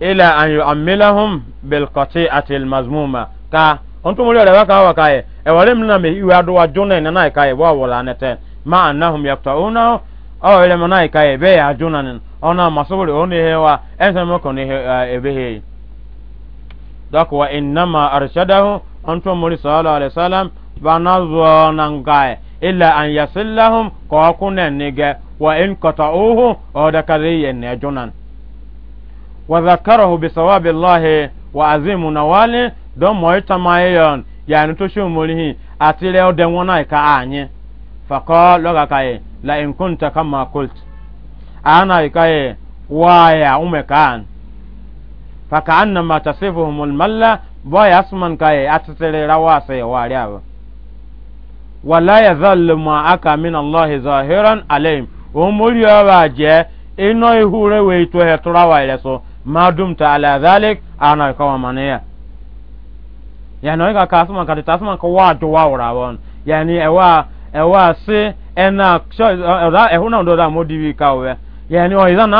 ila an yu'ammilahum bil qati'ati al mazmuma ka onto mo rere waka waka e e wale mna me iwe ado wa jona na na kai wa wala nete ma annahum yaqtauna aw ele mna kai be ya jona nen ona masuburi oni hewa ense mo kon he ebe eh, e he dak wa innama arshadahu onto mo sallallahu alaihi wasallam banazwa nan kai illa an yasillahum ko kunen nige wa in qata'uhu aw dakari yen jona wa dhakarahu bi sawabi wa azimu nawali don moy tamaye yon ya no to shu mori hi atire o de wona ka anye fa ko lo ga kai la in kunta kama kult ana kai wa ya ume kan fa ka anna ma tasifuhum al malla wa yasman kai atire rawa sai wa riya wala yazallu ma aka min allah zahiran alayhim o mori wa je ino ihure we to he tura wa ile so ma dumta ala dhalik ana kawa maniya yani oyi ka kasuma kati tasuma ko waa jo waa wura ewa yani si ena se ɛna sɔ ɛda ɛhuna da mo dibi ka wɛ yani oyi zan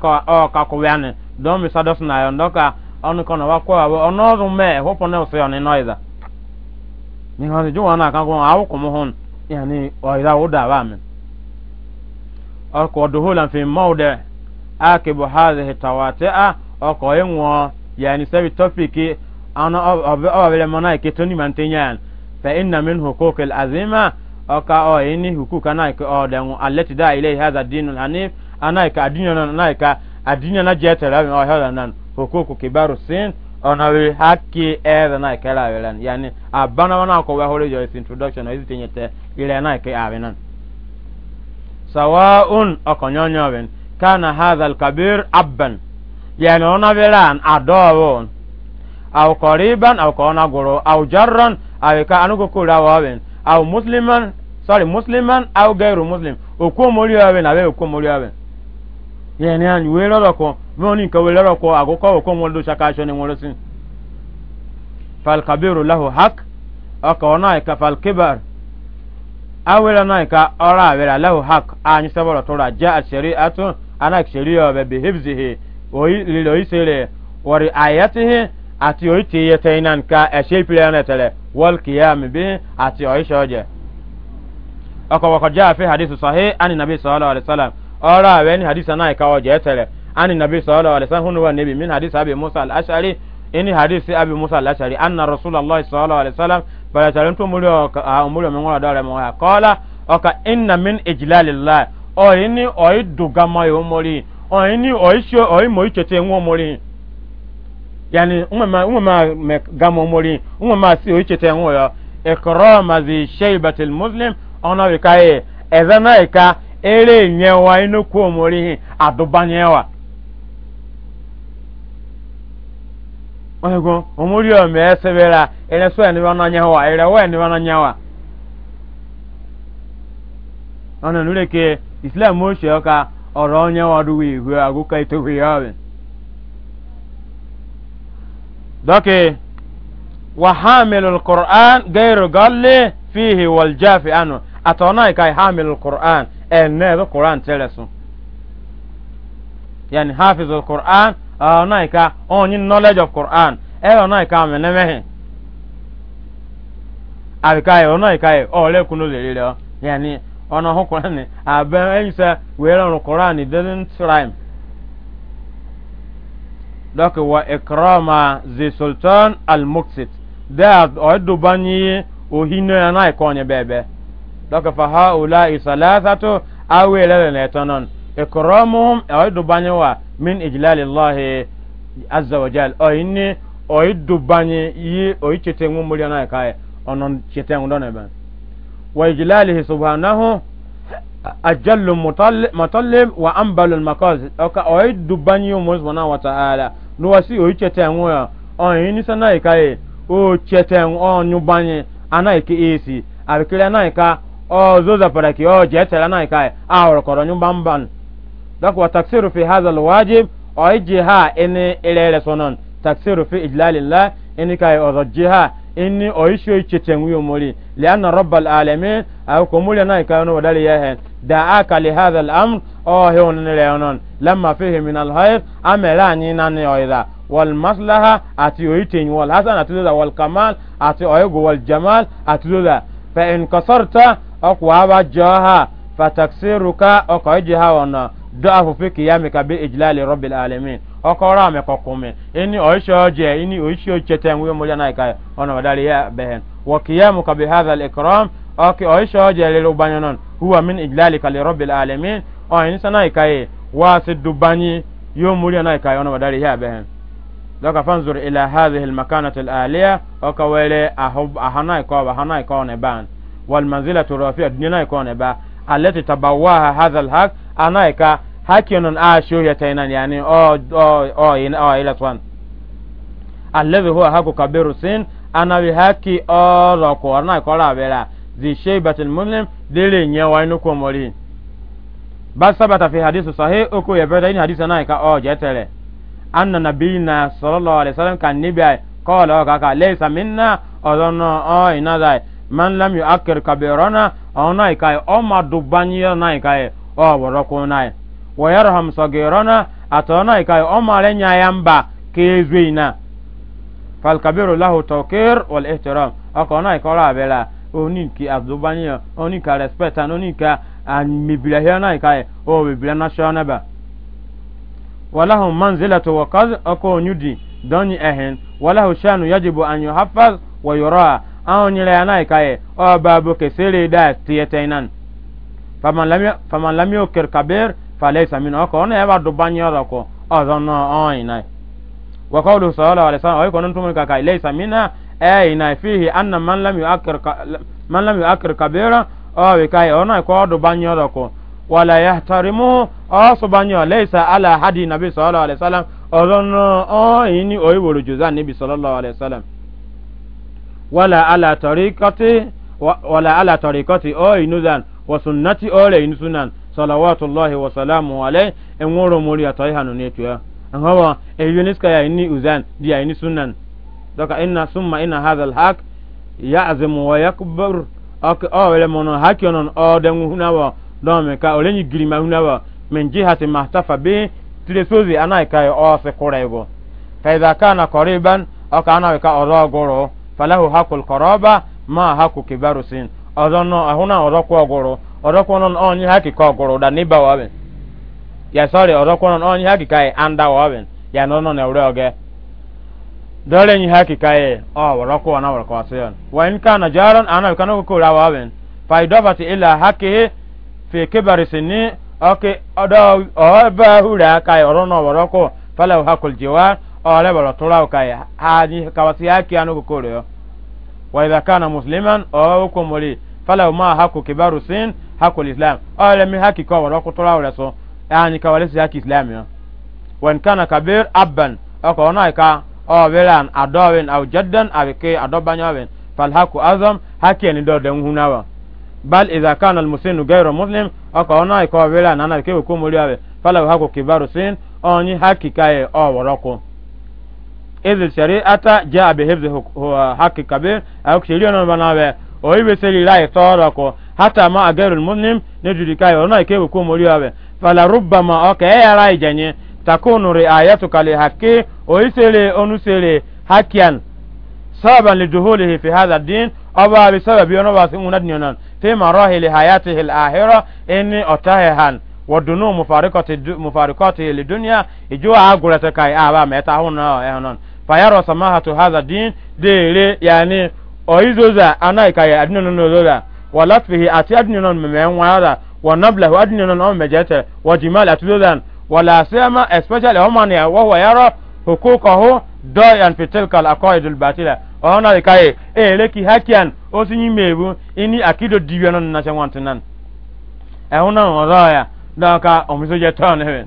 ko ni dọ́ọ̀mì sádọ́sì náà yọ̀ ndọ́kà ọ̀nù kọ́nà wá kọ́ àwọ̀ ọ̀nà ọ̀dùn mẹ́ ẹ̀hó pọ̀ náà sọ̀yọ̀ ní nọ́ọ̀dà. nìkan ti jó wọn náà kankọ́ àwọn kùmọ́ hàn yẹn ni ọ̀yẹ́dá ó dà wá أكو دخولا في موضع آكب هذه التواتئة أكو ينوى يعني سبي توبيكي أنا أبلا مناي كتوني منتينيان فإن من حقوق العظيمة أكا أو إني حقوق أنايك أو دعو التي دا إليه هذا الدين الحنيف أنايك أديننا أنايك أديننا جيت لابن أو هذا نان حقوق كبار السن onawe haki ere na ikela wilen yani abana wana ko wehole jo is introduction o izitinye te ile na ike avinan sawa'un okonyonyoben kana hadha alkabir abban yani ona velan adowon aw qariban aw kona goro aw jarran aw ka anugo kura waben aw musliman sorry musliman aw gairu muslim oku mori waben abe oku mori waben yani an we loro ko ka we loro agoko oku mo shaka shoni mo rosin fal kabiru lahu hak akona ka fal kibar awira na ka ora awira lahu hak anyi sabara tora ja shari'atu ana shari'a be behibzihi oyi lilo isere wari ayatihi ati oyi tiye tainan ka eshe pile tele wal qiyam bi ati oyi shoje oko wako ja fi hadithu sahih ani nabi sallallahu alaihi wasallam ora aweni haditha na ka oje tele ani nabi sallallahu alaihi wasallam hunu wa nabi min hadith abi musa al-ash'ari ini hadithi abi musa al-ash'ari anna rasulullah sallallahu alaihi wasallam bala tare to muri o ka ah, muri o mengola dare mo ya kola o ka inna min ijlalillah o ini o iduga mo yo muri o ini o isho o mo ichete nwo muri yani umma umma me gamo muri umma si o ichete nwo yo ikrama zi shaybatil muslim ona we kai ezana ka ere nyewa inoku omori adubanyewa ọ̀hìnkùn ọ̀múrí ọ̀mẹ́ ẹ̀sẹ̀bẹ̀rẹ̀ ẹ̀rẹ̀ sọ ẹ̀nìwọ̀n náà nyẹ́ wa ẹ̀rẹ̀ wọ́ ẹ̀nìwọ̀n náà nyẹ́ wa. ọ̀nà nínú ke islam mú ṣe ọ̀ka ọ̀rọ̀ ọ̀nyẹ́ wa dùwẹ̀ ìhùwẹ̀ àgùkà ìtòwé ọ̀rẹ́. dọ́kì wàhámìlì qur'an gẹ́rù gọ́lẹ̀ fìhì wọ̀ljáfì ànú àtọ̀nà ìka ìhámìlì qur'an ẹ̀ naika! ìka ọ̀nyi knowledge of Quran ẹ̀ ọ̀nà ìka mẹ́nẹ́mẹ́hìn àbíká yẹ ọ̀nà ìka yẹ ọ̀ọ́lẹ́ kunu lèrè rẹ̀ yẹni ọ̀nà ọ̀hún Quran ni àbẹ̀ ẹ̀yin sẹ́ wẹ́rẹ́ ọ̀rùn Quran ni didn't rhyme dọ́kì wa ìkọ́rọ̀mà the sultan al-muqsit dẹ́ẹ̀ ọ̀ẹ́dùbányi bani ẹ̀ náà ìkọ́ni e bẹ́ẹ̀ bẹ́ẹ̀ dọ́kì fàhà ọ̀la ìsàlẹ̀ àtàtù awelele netonon ikramuhum oyidu banyi wa min ijilali allahi azza wa jal oyini oyidu banyi yi oyi chete ngu muri na kai onon chete ngu dona ban wa ijilalihi subhanahu ajallu mutallib wa ambalu makazi oka oyidu banyi umu subhanahu wa ta'ala nuwasi oyi chete ngu ya oyini sana kai o chete ngu onyu banyi anaiki isi abikile anaika o zoza paraki o jetela anaika a orokoro nyumba donc wa taksiru fi hadha alwajib o jiha ini ilere sonon taksiru fi ijlalillah ini kai ozo jiha inni o isho icheten wiyo mori lianna rabbal alamin aw kumuli na kai no wadali yehen دعاك لهذا الأمر أو هون ليونون لما فيه من الخير أملا نيناني أيضا والمصلحة أتيويتين والحسن أتلولا والكمال أتيويغ والجمال أتلولا فإن كسرت أقوى جاها فتكسيرك أقوى جهة dɔɔfu fi kiyami ka bi ijilali rɔbil alamin ɔkɔrɔ ame kɔkɔmi ini oisho jɛ ini oisho cɛtɛn wuyo mo jana ika ɔna wadali ya bɛhɛn wa kiyamu ka bi hadha al ikram ɔki oisho jɛ lilu banyanon huwa min ijilali ka li rɔbil alamin ɔn ini sana ika ye waasi dubanyi yo mo jana ika ɔna wadali ya bɛhɛn dɔka fanzur ila hadhihi al makanatil aliya ɔka wele ahub ahana ikɔ ahana ikɔ ne ban wal manzilatu rafiya dunyana ikɔ ne ba alati tabawaha hadha al haq anaika hakiyonun a shoya tainan yani o o o in o ila twan allazi huwa haku kabiru sin ana bi haki o ro ko ana ko ra bela zi shaybatul muslim dele nya wa inu ko mori bal sabata fi hadithu sahih uku ya bada in hadithu anaika o jetele anna nabiyina sallallahu alaihi wasallam kan nabi qala ka ka laysa minna odono o inadai man lam yu'akkir kabirana o naika o na naika ọwọrọ kụ na wọyọrọ ham sọgịrọ na atọ na ịka nya ya mba ka ezwe falkabiru lahu tawkir wal ihtiram ọkọ na abịara oni nke azụbanye oni nke respect and oni nke mebiri ihe na ịka o mebiri national ba walahu manzilatu wa qad ako onyudi doni ehen walahu shanu yajibu an yuhaffaz wa yura an onyire ya na ịka ọ babu kesere da tiyetainan faman lam yukir kabir falaysa min oko ona yaba do banyoro ko ozono oina wa qawlu sallallahu alaihi wasallam ay konon tumun kaka laysa minna ay e ina fihi anna man lam yukir man lam yukir kabira o we kai ona ko do banyoro ko wala yahtarimu o so banyo laysa ala hadi nabi sallallahu alaihi wasallam ozono oini oiworo juzan nabi sallallahu alaihi wasallam wala ala tariqati wala ala tariqati o inuzan wa sunnati ole in sunan salawatullahi wa salamu alai en woro mori atai hanu ne tuya an hawa e yuniska ya inni uzan dia inni sunan daga inna summa inna hadha al haq ya'zimu wa yakbar ak awle mono hakyonon o den hunawa don me ka ole ni girima hunawa min jihati mahtafa bi tire sozi anai kai o se korego fa idha kana qariban o kana ka oro goro falahu haqul qaraba ma haqu kibaru ọzọ nọ ahụ na ọzọkwa ọgwụrụ ọzọkwa nọ onye ha kika ọgwụrụ da n'ịba wabin ya sọrị ọzọkwa nọ onye ha kika anda wabin ya nọ nọ n'ewure oge dole nyi ha kika yi ọ wọrọkwa na wọrọkwa wasị ya wa nka na jaron ana ka na kokora wabin fa idobati ila hakihi fi kibarisi ni ọkị ọdọ ọba ahụrụ aka yi ọrụ na wọrọkwa falawu hakul jiwa ọrẹ bọrọ tụrụ aka yi ha anyị kawasị ya kị anụ kokoro ya wa idha kana musliman o ko mori fala ma hako kibaru sin hako islam o le mi haki ko woro ko tora wore so yani ka wale si haki islam yo wan kana kabir abban o ko na ka o velan adowin aw jaddan abike adobanyawen fal hako azam haki ni do de hunawa bal idha kana almusinu ghayra muslim o ko na ka o velan ana ke ko mori ave fala hako kibaru sin haki kae o إذ شريعة جاء بحفظ حق كبير أو شريعة بنابه oyibe seli lai tɔɔrɔ ko hata ma agɛrul muslim ne judika yi ɔnà ike ko mori wa bɛ fala rubama ɔkɛ ɛyà e, lai jɛnyɛ takunu ri ayatu kali hake oyi seli onu seli hakian sababan li duhulihi fi hadha din ɔba bi sababi ɔnà ba sinmu na dinyonan fi ma rɔhili hayati hil ahira ɛni ɔtahe han wadunu mufarikɔti mufarikɔti fayaro samahatu hadha din dere yani oizoza anaika ya adini nono zoza wa ati adini nono memenwara wa nablahu adini nono mejete wa jimal atuzozan wala sema especially homani ya wahuwa yaro hukukahu doyan fi tilka al-aqaid al-batila ki hakian o sinyi mebu ini akido dibiano na se wantinan e ona ya daka omiso je tone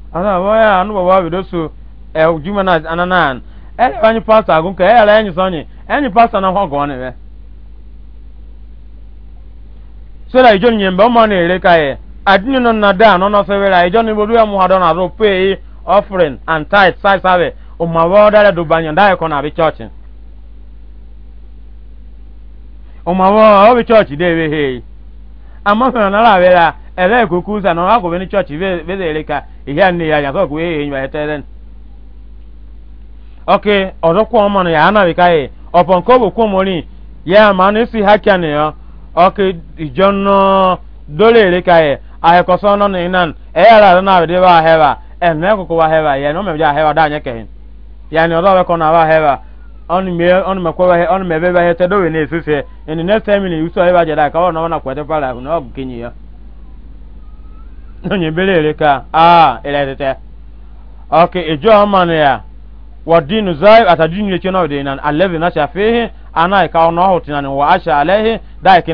ana waya anu baba bido so e eh, juma na ananan e eh, anyi pastor agun ka e eh, ala anyi sonye anyi pastor na ho gone be so la ijo nyem mba ma na ere ka e adini no na da no no so we la ijo ni bodu ya mu hado na ro pay offering and tithe sai sabe o ma wa da do banyo da e ko na bi church o ma wa o bi church de we hey amasana na la wela ele kukuza na wako beni church beze eleka ihya ni ya yaso ku eh nywa etelen okay odo ko ma na ya na we kai opon ko bu ko mori ya ma ni si hakia ne yo okay ijono dole eleka e ahe ko so no ni nan e ara na we de ba heba en ne ko ko wa heba ye no a ja heba da nyeke hin yani odo we ko na wa heba ọnụ mekwa he ọnụ mebe ebe na ndị next ọhịa aka ọ nọ na kwete ahụ na ọgụ ya onye bere ere ka a eletete ok ọma e na ya wadinu zai atadinu eche na na alevi na shafihi e ka ọ nọ hụtụ na wa asha alehi e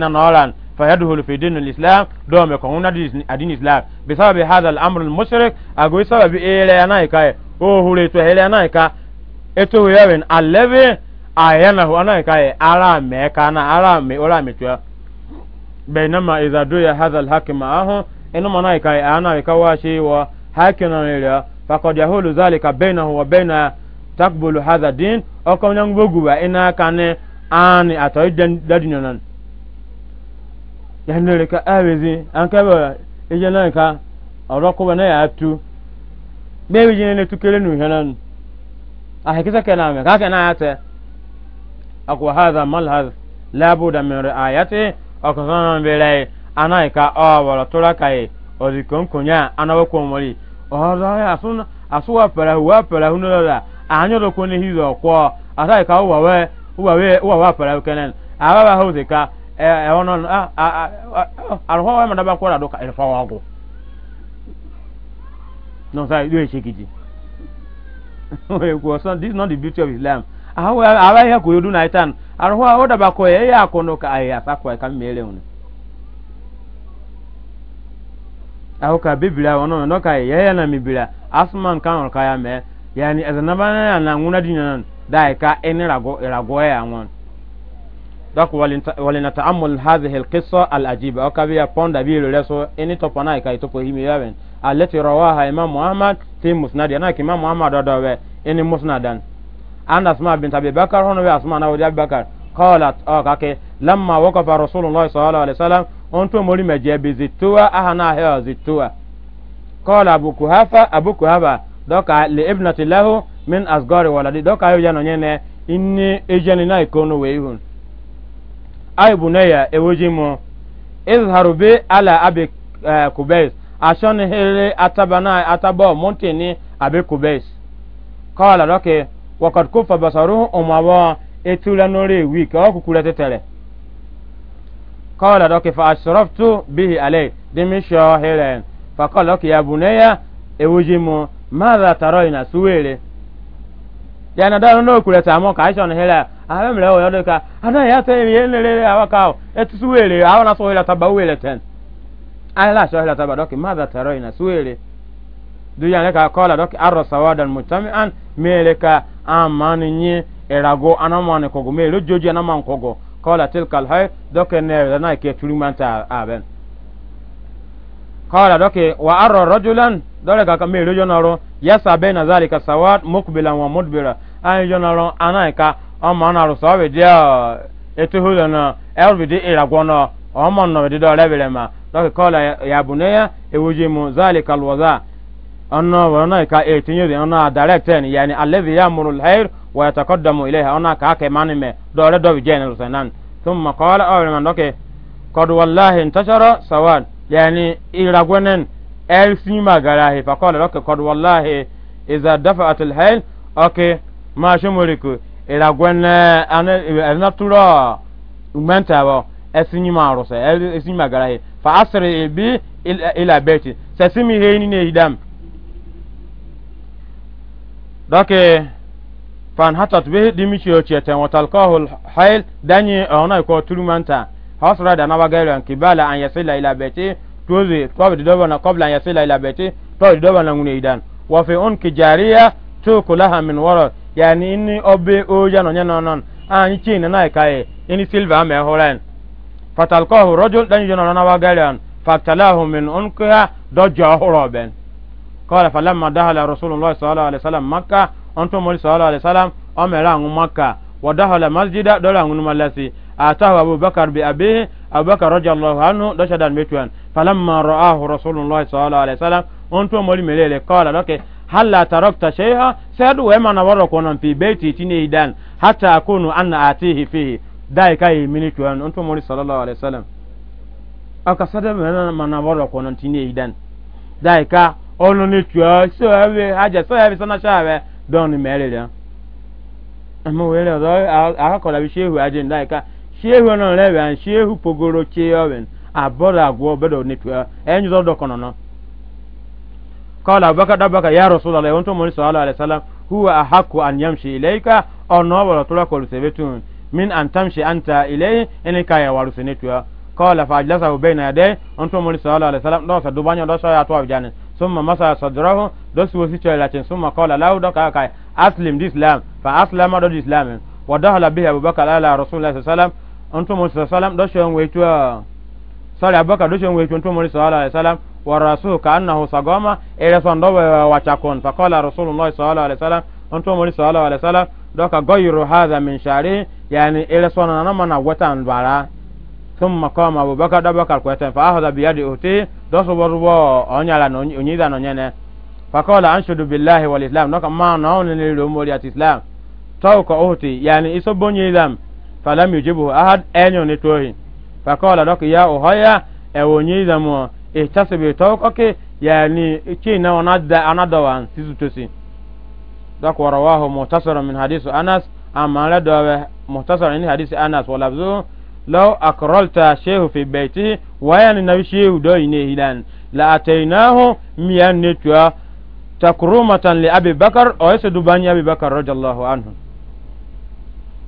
na eto we yawen aleve ayana hu ana kai ara me kana ara me ora me twa bainama idha duya hadha alhakim ahu inu mana kai ana ka washi wa hakina ne faqad yahulu zalika bainahu wa baina takbulu hadha din o ko nyang boguwa ina kane ani ato dadin nan yanere ka awezi an ka ba ije nan ka oro ko na ya tu mewi jine ne tukere nu hanan ahikisa kename kake na yate akwa hadha malhaz labuda min riayati okosana mbelai anaika awala tulakai ozikonkonya anawakomoli ohazaya asuna asuwa pelahu wa pelahu nolola anyoro kone hizo kwa ataika uwawe uwawe uwawa pelahu kenen ababa e, e ono a arhowa madaba kwa doka irfawago no sai chikiji this is not the beauty of islam ahụ ara ihe ka oyodu na itan arụhụ ahụ dabakọ ya ihe akụnụ ka ahịa asakwa ka mmere nwere ahụ ka bibiri ahụ nọ nọ ka ya ya na mebiri asụma nke ahụ ka ya mee ya ni ezanaba na ya na nwụna dị nyan da ka ịnị ragwọ ya anwụ dɔk walina ta'amul hadhihi alqissa alajiba ɔkabi ya pɔnda bi rere so ini tɔpɔ na ika itɔpɔ himi yabɛn التي رواها إمام أحمد في مسند هناك إمام أحمد ودوه إن مسندا أن أسماء بنت أبي بكر هنا أسماء نودي أبي بكر قالت أو كاكي لما وقف رسول الله صلى الله عليه وسلم أنتم مولي مجيب زيتوا أهنا هي زيتوا قال أبو كهافة أبو كهافة دوكا لابنة له من أصغر ولدي دوكا يجانا نيني إني إجاني نايكونو ويهون أي بنيا إوجيمو اظهروا بي على أبي كوبيس ashon hele atabana ataba monte ni abe kubes kala roke wakad kufa basaru umawa etula nore week okukula tetere kala roke fa ashraftu bihi alay dimisho hele fa kala roke ya bunaya ewujimu yana no ka hele ana awana ala shahla taba doki madha taroina suwele duyane ka kola doki arro sawadan mujtami'an an ka amani nye erago anamani kogo mele joji anamani kogo kola tilka alhay doki neve na ke tulimanta aben kola doki wa arro rajulan dole ka mele jonaro yasa baina zalika sawad mukbilan wa mudbira ay jonaro anaika amana ro sawe dia etuhulana elvidi erago no ọmọ nọ bẹ dídọ rẹbìrẹ ma lọkì kọlà yabunẹyà ewúji mu zali kalwaza ọnà wọn náà ka ètìnyẹ rẹ ọnà dàrẹkítẹ ni yẹni alẹbi ya muru lẹyìn wọ́n yàtọ̀ kọ́ dọ̀mù ilé yà ọ̀nà kàákẹ́ mánì mẹ dọ̀rẹ́ dọ̀bi jẹ́ ẹni rẹ̀ nàn tó mọ̀ kọ́lá ọ̀rẹ́ mà lọkì kọ́dù wàláhì ntọ́sọ̀rọ̀ sawad yẹni ìragwẹ́nẹ́n ẹ̀rí sinima garahi fakọ́lá lọkì kọ́dù wàláhì ìzà dọ́fà àtìlẹ́yìn ọkì máa ṣe mọ̀rìkù ìragwẹ́nẹ́ ẹ̀ná túrọ̀ mẹ́ntàbọ̀ esinyima arusa esinyima garahe fa asiri ebi ila beti sesimi ihe ni ne hidam dake fan hatat be dimichi ochi eten watalkahul hail danyi ona ko turumanta hasra da nawa gairu an kibala an yasila ila beti tozi ko bi doba na qabla an yasila ila beti to doba na ngune hidan wa fi unki jariya to kulaha min wara yani inni obe o jano nyanon an chi na nai kai ini silva me horan fatalkahu rajul dan yuna rana wa galian faktalahu min unkiha dojja huro ben qala falamma dahala rasulullah sallallahu alaihi wasallam makka antum mul sallallahu alaihi wasallam amara ngu makka wa dahala masjida dola ngu malasi atahu abubakar bi abihi abubakar radiyallahu anhu doshadan metuan falamma ra'ahu rasulullah sallallahu alaihi wasallam antum mul melele qala lake halla tarakta shay'a sadu wa mana waro konan fi baiti tinidan hatta akunu anna atihi fihi dai kai mini tuan onto mori sallallahu alaihi wasallam aka sada mena mana woro ko non tini idan dai ka ono ni tua so ave haja so ave sana shawe don mere ya amma wele do aka kola bi shehu aje dai ka shehu non lewe an shehu pogoro che oven abora agwo bedo ni tua enyu do kono no dabaka ya rasulullah onto mori sallallahu alaihi wasallam huwa an yamshi min an tamshi anta ilayhi ene ka ya waru sene tuya qala fa ajlasahu bayna yaday antum muri sallallahu alaihi wasallam do sa dubanyo do sa ya to abjane summa masa sadrahu do su wosi choy latin summa qala lahu do ka ka aslim di islam fa aslama do di islam wa dahala bihi abubakar ala rasulullah sallallahu alaihi wasallam antum muri sallallahu alaihi wasallam do shon we tuya sala abubakar do shon we tuya antum muri sallallahu alaihi wasallam wa rasul ka annahu sagoma ere son do wa chakon fa qala rasulullah sallallahu alaihi wasallam antum muri sallallahu alaihi wasallam دوكا غير هذا من شعره يعني إلى صنع نمنا وطن بارا ثم قام أبو بكر دبكر كويتن فأخذ بيد أوتي دوس بربو أنيالا نونيدا نونينه فقال أنشد بالله والإسلام دوكا ما نون للأمور الإسلام توك أوتي يعني إسو بني إذام فلم يجبه أحد أنيو نتوهي فقال دوك يا أهيا أوني إذام احتسب توك أوكي يعني كي نونا دا أنا دوان سيزو تسي ذاك ورواه مختصرا من حديث أنس أما لدى مختصرا من حديث أنس ولفظه لو أقرلت شيخ في بيته وين النبي شيخ دوينه لان لأتيناه ميان نتوى تكرمة لأبي بكر أو يسد بني أبي بكر رضي الله عنه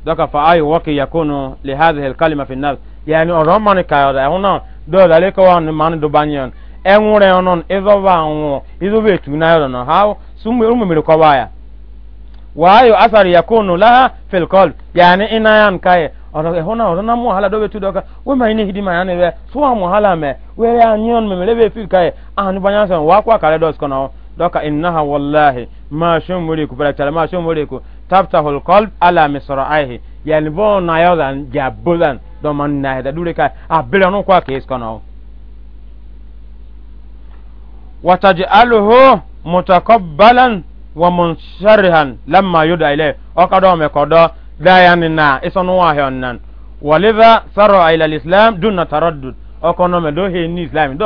ذاك فأي وقي يكون لهذه الكلمة في النفس يعني أرمان كايدا هنا دو ذلك وان من دبانيان أمور ينون إذا وان إذا بيتونا يدنا هاو سمي أمي ملكوايا wayo asar yakunu laha fil qalb yani ina yan kai ono e hona ono mu hala dobe tu doka we mai ni hidima yani we so mu hala me we re anyon me lebe fil kai ah, anu banya san wa kwa kale dos kono doka innaha wallahi ma shumuri ku bala tala ma shumuri ku taftahul qalb ala misra'ihi yani bon na yodan jabulan do man na heda dure kai abira ah, no kwa kes kono wataj'aluhu mutakabbalan wa munsharihan lamma yuda ile okado me kọdọ dayani na isonu wa he onnan walidha saro sarọ alislam islam dụ okono me do he ni islam do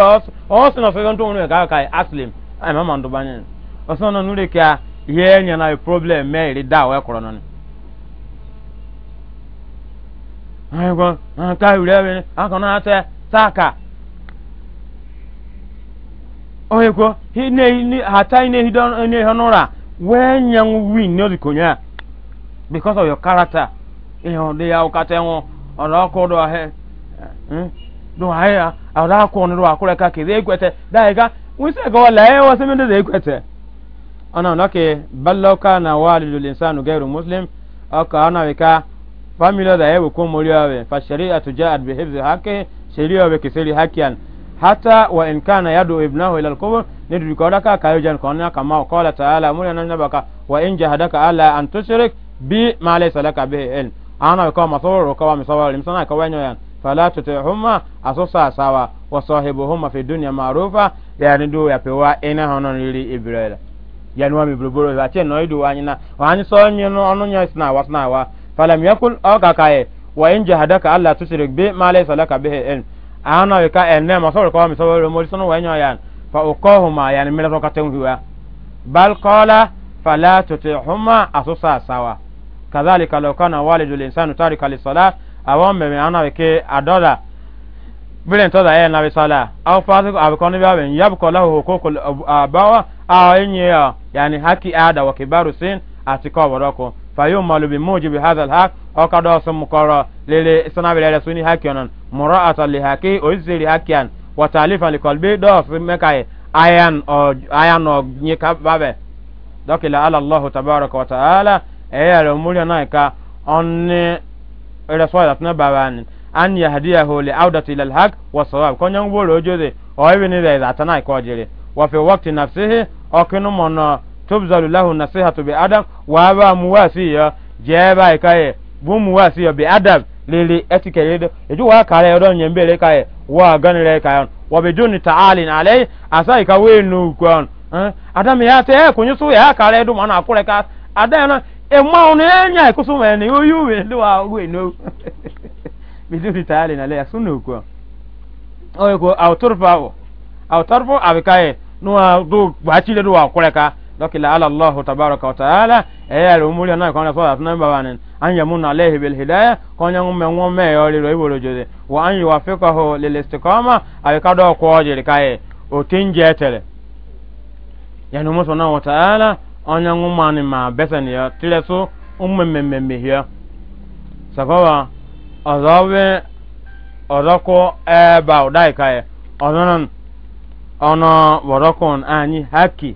os no fe don tunu ka kai e aslim ai mama ndo banyen osono nure ka ihe nya na e problem da when young win no the konya because of your character you eh, oh, know they are kate on oh, or oh, no da ko eh, hmm? no do akure ka ke they gwete da ga we say go la e was me ana balloka na wali insanu gairu muslim aka ana wika family da e ko mori ave fa shari'atu ja'at bi hifzi shari'a hakian hata wa in kana yadu ibnahu ila al-kufr nidu ko daka kayo jan ko na kama qala ta'ala mun nan nabaka wa in jahadaka ala an tushrik bi ma laysa laka bihi ilm ana ko masawar ko wa masawar limsana ka wanyo yan fala tutihuma asusa sawa wa sahibuhuma fi dunya ma'rufa yani do ya pewa ina hono lili ibrahim yani wa mibroboro ba che no idu wanyina wanyi so nyi no onu nyi sna wa sna wa falam yakul o kakaye wa in jahadaka alla tushrik bi ma laysa laka bihi ilm ana wika enne masoro kwa misobo lo mori sono wanyo yan fa ukohuma yani mira to katen huwa bal qala fala tutihuma asusa sawa kadhalika law kana walidul insanu kali lisalat awon me ana wike adola bilen to da e na bisala aw fasiku abikoni bi abin yabko lahu hukukul abawa uh, aw enye yani haki ada wakibaru kibaru sin atiko boroko فيمل بموجب هذا الحق وقد سمكر لسنا بلا سني حكيان مراءة لحكي وزر حكيان وتاليفا لقلبي دوف مكاي ayan o ayan o nyika babe dokila ala allah tabaraka wa taala eya lo mulya naika onni ila swala tuna babani an yahdiyahu li audati ila alhaq wa sawab konya ngwolo jode o ibini da izatana ikojire wa fi waqti nafsihi o kinu mono tubzalu lahu nasihatu bi adam wa ba muwasiya jeba ikaye bu ya bi adam lili etikere eju wa kare odon yembele kaye wa ganire kaye wa bi juni ta'alin alai asa ikawe nu kwan eh, adam ya te eh, kunyu ya kare du mana akure ka adam na e ma onu enya ikusu me ni oyu we lu wa we no bi juni ta'alin alai sunu kwan oyo ko autorfa autorfa abikaye nuwa do gbachi le do akure ka donc la ala allah tabaraka wa taala eya le umuri na kona so atna bawanen an yamuna alayhi bil hidayah konya ngumme ngumme yori ro ibolo jode wa an yuwafiqahu lil istiqama ay kado ko ojir kai o tinje tele yanu muso na wa taala onya ngumani ma besen ya tileso umme memme mehia safawa azawe azako eba udai kai ononon ono warokon anyi haki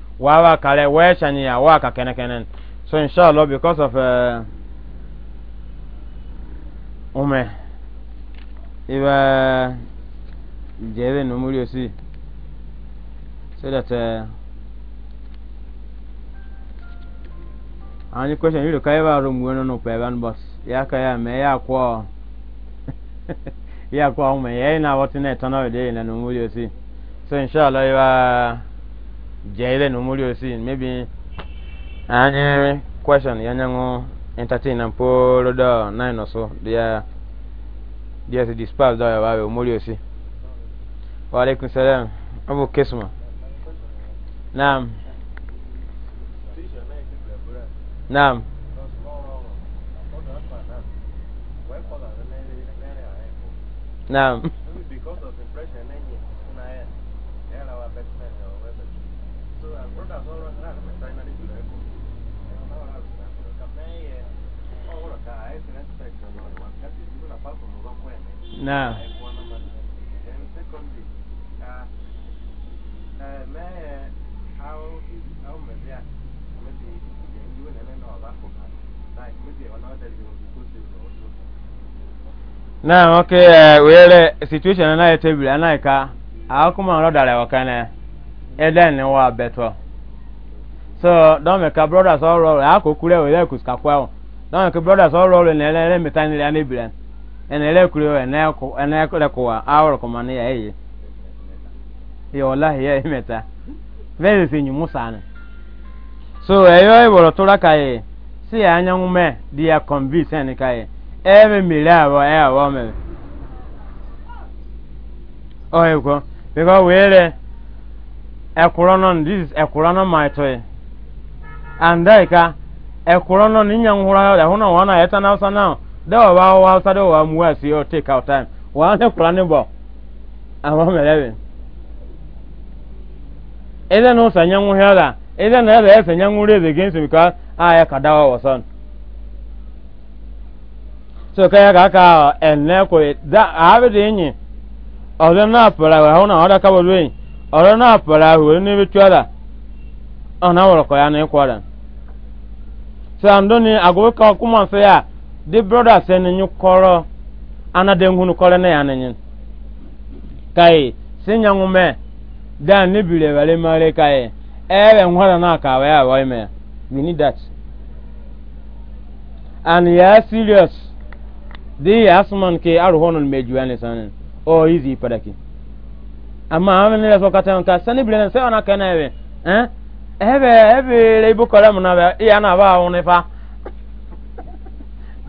wawa kale weshani ya waka kene kene so inshallah because of uh, ume iba jere no muri osi so that uh, any question you kai ba room wono no pe ban boss ya ka ya me ya kwa ya kwa ume ya na watu na tano de ina no muri osi so inshallah iba jɛɛlɛ no muri osi maybe anye question yanya ngo entertain na polo da nine or so dia dia se dispal da ya babe muri osi wa alaikum salam abu kisma naam naam naam نعم ما ok is eh, situation na maybe you and I know about like maybe another you go to also now okay uh, wele situation anaye table anaye ka akuma ro dare wakana e eden ni wa beto so don me ka brothers all roll akokure we le kuska kwa don me ka brothers all roll na ele ele mitani le enele kuri ene ku ene kure kuwa ya kuma ya wallahi e e ya imeta si sinyu musana so eyo iboro tura si anya mee dị convince en kai ebe mire abo e mere. o ego biko were ekwuro nọ this is ekwuro no dɔw b'a wa hausa dɔw b'a mu asi o take our time wa an tɛ kurani bɔ a ma ɛdɛ n'o sa ɲɛngu hɛ la ɛdɛ n'o yɛrɛ ɛsɛ ɲɛngu de zigi sigi ka a yɛ ka da so kɛ ka ka ɛnɛ ko ye da a de nyi ɔdɛ n'a pɛrɛ wa hɔn na ɔdɛ n'a pɛrɛ wa ne la n'a ya ne kɔ la sɛ the brothers ni nyu kɔrɔ ana den hunu kɔrɔ ne yan kai sinya ngume da ni kai ebe ngwara na ka wa ya wa me we need that and ya serious di asman ke arhonul mejuani sanin o izi padaki amma amin ne so katan ka sani bile sai ona kana ebe eh na na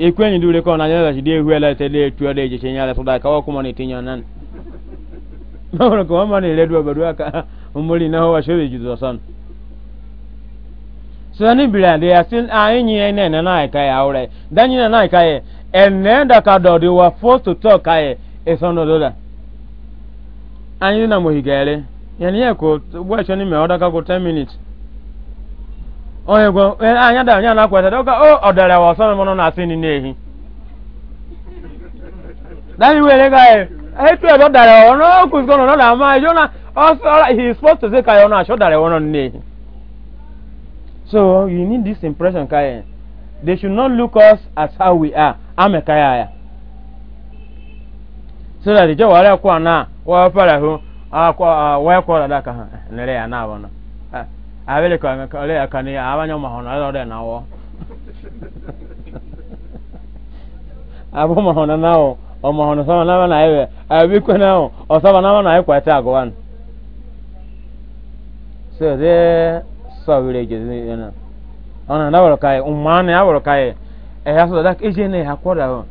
ekwenyi dure ko na nyala shi de huela te de de jeche nyala ka ko nan ko le duwa na ho shebe san bila de asin a ene na na ka ya ore na na ka ye ka do de wa forced to talk ka ye esono doda anyi na mo higere yani ya ko bwa shoni me oda ka ko 10 minutes onye gwo e, anya da anya na-akweta dọka o ọdara wa ọsọ mmanụ na-asị ni na-ehi dani were ga e, e etu ebe ọdara wa ọnụ okwu nso nọ na ama ejo na ọsọ he is supposed to say ka ya na achọ ọdara wa ọnụ na-ehi so you need this impression ka ya e, they should not look us as how we are ka ya ya so that the ije wara kwa na wa fara hu akwa wa kwa da ka ha nere ya na abona abele kwa kale akani abanya mahona lore nawo abo mahona nawo o mahona sama nawa na ewe abi kwa nawo o sama nawa na ekwa ta gwan so de so wile je na ona na woro kai umane ya woro kai e ya so ne ha kwa dawo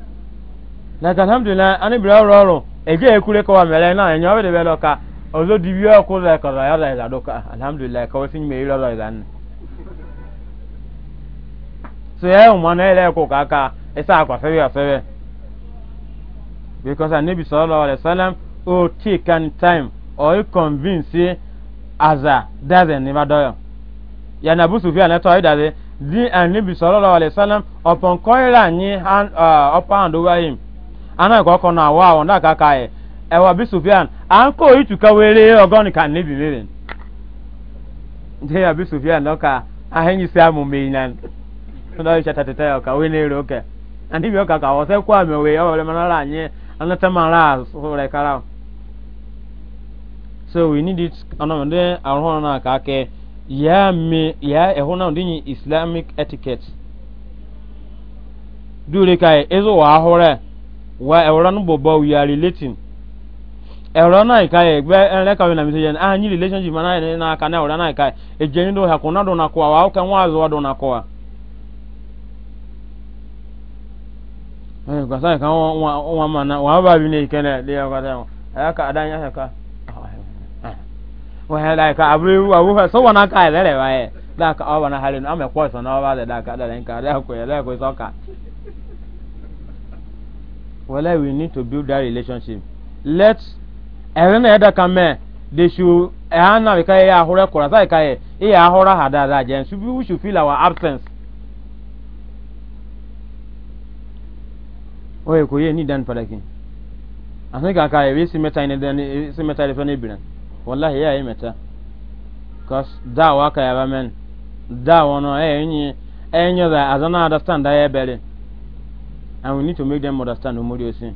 na alhamdulillah ani bi ro ro ekure ko wa mele na enyo be de be lo ka ozo dibi ọkụ la kala ya la la doka ka wasin me ila la dan so ya umma na ile ka kaka isa akwa sebe sebe because anabi sallallahu alaihi wasallam o take an time o convince aza dazen ni adọyọ. ya na busu fi anato ịdazi di anabi sallallahu alaihi wasallam upon koira ni hand uh, upper hand over him ana na wa won da kaka e ewa bi sufyan an ko yi were ogon ka ne ka a hen yi sa mu me nan no yi chata tata ka we ne ro ke an bi ka ka wose kwa me we manara anye an ta mara so so we need it ono de na ka ya me ya e hona ndinyi islamic ẹ̀rọ náà ìka yẹ gbẹ ẹlẹ́ka wẹ̀ nàmi sẹ́yìn ah ní relationship náà yẹn náà kan ẹ̀rọ náà ìka yẹ ẹ̀jẹ̀ yín dò hà náà dò nà wa ọ̀kẹ́ wọn àzọ́ dò nà wa. ẹ̀ gbàsá ìka wọn wọn mà náà wọn bá bi wọn ká adá wọ́n yẹ ká sọ́wọ́n náà ká yẹ náà hali Let's ɛrɛ na ɛda ka mɛ de su ɛha e na ka e yɛ ahorɛ kora sa e ka yɛ yɛ ahorɛ ha daadaa jɛn su bi wusu feel our absence oye ko yɛ ni dan padaki asin ka ka yɛ bi simɛta ni dan simɛta de fɛnɛ biran wallahi yɛ ayɛ mɛta cause daa wa ka yɛ ba mɛn daa wɔnɔ ɛyɛ nyi ɛyɛ nyɛ da azana understand da yɛ bɛri and we need to make them understand omori osin.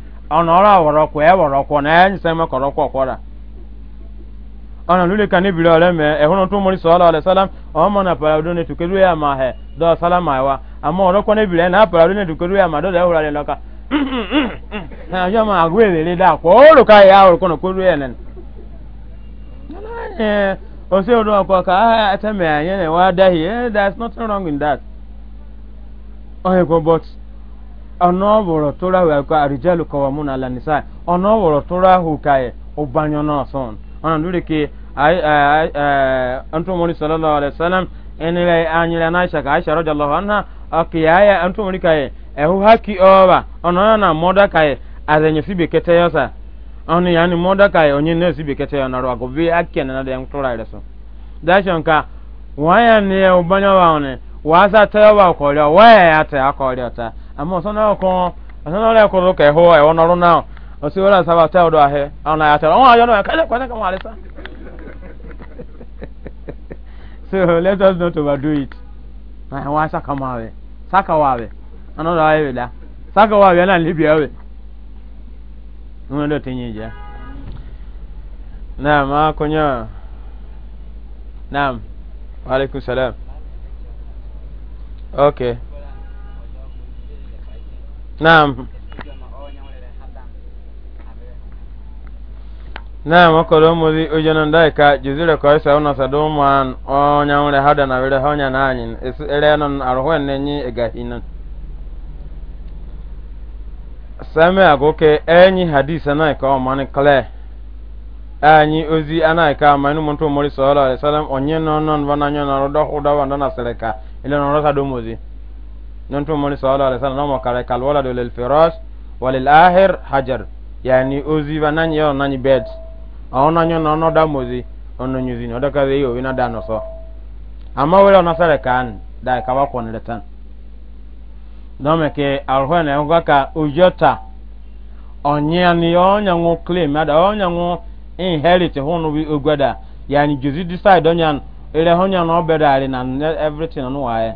ọnọrọ awọrọkọ e ẹwọrọkọ na ẹyin sẹmẹ kọrọkọ kọra ọnà lórí kan níbi rẹ ọrẹ mẹ tó mọrí sọọlọ ọlẹ sálám ọmọ náà pàrọ ní tùkẹrù ẹ máa hẹ dọ sálám àwa àmọ ọrọkọ níbi rẹ náà pàrọ ní tùkẹrù ẹ máa dọdọ ẹwúrọ rẹ lọkà ẹjọ máa gbé èrè dà kọ ọsẹ ọkọ ká ẹyẹ ono woro tora wa ka arijalu kawamun ala nisa ono woro tora hu kai obanyo no son ona dure ke ay ay eh, antu moni sallallahu alaihi wasallam enile anyira na aisha ka aisha radhiyallahu anha akiyaya antu moni kai ehu haki oba ono na moda kai azenye sibe kete yosa ono yani moda kai onye ne sibe kete yona ro agobe akken na da mtora ireso dashon ka waya ne obanyo wa one wasa tayo wa ko amma osana ko osana le ko ka ho e wono na o si wala sa ba ta odo ahe ana ya ta on ayo no ka le ka wale sa so let us not overdo it na wa sa kama we saka wa we ana da we da saka wa we na libya we mun do tinyi je na ma kunya Naam. Wa alaikum salam. Okay naam naam okoro omuli ojono ndaika juzire koisa una sadumwan onyanwure hada na wire honya nanyin elenon aruhwen nenyi egahinan same agoke enyi hadis anaika omani kle anyi ozi anaika amainu muntu omuli sallallahu alaihi wasallam onye nonon vananyo na rodo hudawa ndana seleka ili ile norosa domozi nonto moni sallallahu alaihi wasallam mo kare kal wala do lil firash walil ahir hajar yani ozi ba nan yo nan bed awon nan yo no da mozi onno nyuzi no da ka ze yo ina da no so amma wala na sare kan da ka ba kon letan no me ke arho na ngo ka ujota onye ni yo nya ngo claim ada onya ngo inherit hunu bi ogwada yani juzi decide onyan ile honya no bedari na everything no wae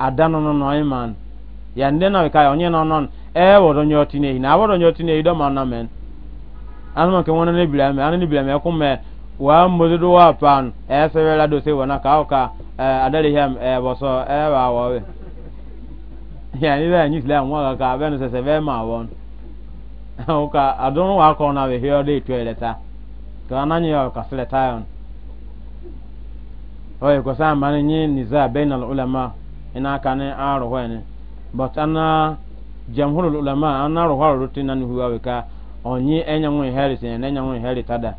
adanu no no iman ya nde na ka onye no non e woro nyo ne na woro nyo tinehi do man na men anu ma ke wona ne bila me ne me me wa modu wa pan e se wela do se wona ka ka adari hem e boso e, e we ya ni da ni sla mo ka be no se ma won o ka na we to eleta ananyi ka tayon oye ko ina kane aro hwene but ana jamhurul ulama ana ro hwaro rutina ni huwa weka onyi enya nwe na enya nwe ta da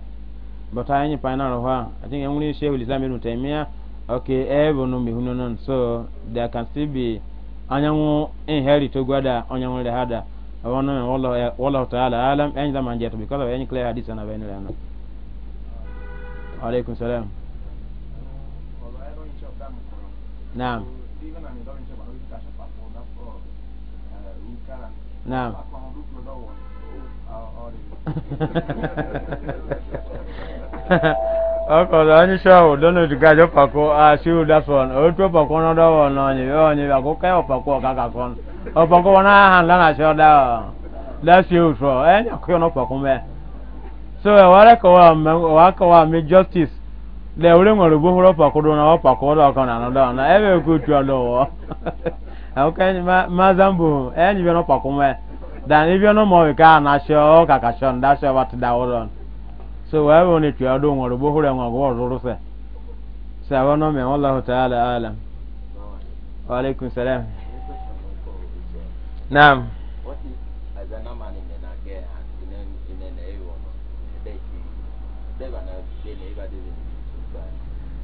but anyi pa na ro ha i think enwe shehu islam ibn taymiya okay ebo no mi hunonon so there can still be anyanwụ inherit ogwada anyanwụ le hada awon na wallahu wallahu ta'ala alam da because of clear hadith na lana alaikum salam naam نعم ọkọlọ onye sọọ dono duga jo pako a siu dafon o to pako no do won uh, oh, oh, ah, no ni o ni pako ka o pako ka ka kon o pako wana han la na sọ da la siu so e eh, nya ko no pako me so e ware ko wa wa ko wa mi justice lewre nwere ugbo hụrụ ọpakwụrụ na ọpakwụrụ ọka na anọdọ na ebe otu ọdọwọ akwụkwọ maza mbụ enyi bịa n'ọpakwụme dan ibi ọnụ ma ọwụka a na-achọ ọka kachọ ndachọ ọbata dawụrọ so wee nwere enwe ọgwụ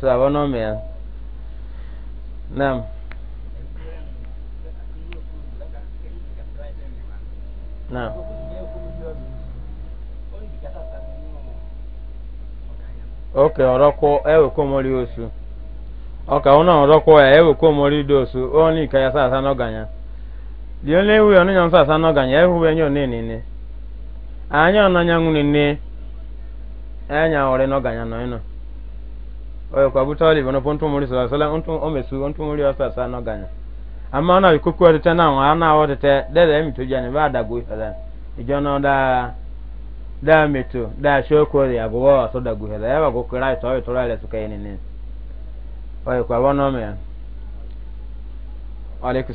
so abono mea Nam. naam ok ọrọkọ ewekọ mori osu ọka ọ na ọrụ ya ewekọ mori dosu onye ka ya saa asa n'ọganya di onye ewu ya ọnụnya nsa asa n'ọganya ewu enye onye nene anya ọnanya nwunye nne enya ọrị n'ọganya nọ ịnọ oyo kwa butali bono pontu muri sala sala ontu omesu ontu muri asa sana ganya amma na bikuku na wa na wote te dede mi tuja ne bada go sala ijono da da metu da shoko ya go so da go sala go kira to to la suka yini ne oyo me alaikum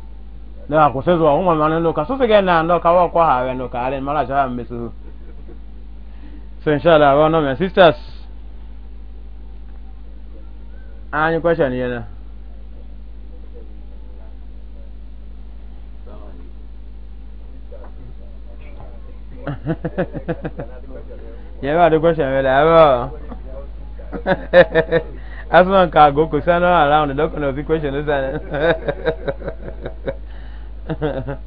na akusezwa umwa mwana ndoka so sige na ndoka wa kwa hawe ndoka mara cha mbesu so inshallah wa no my sisters any question yana yeah ba the question we la ba asman ka go ko sana around the document of the question is that fifty um,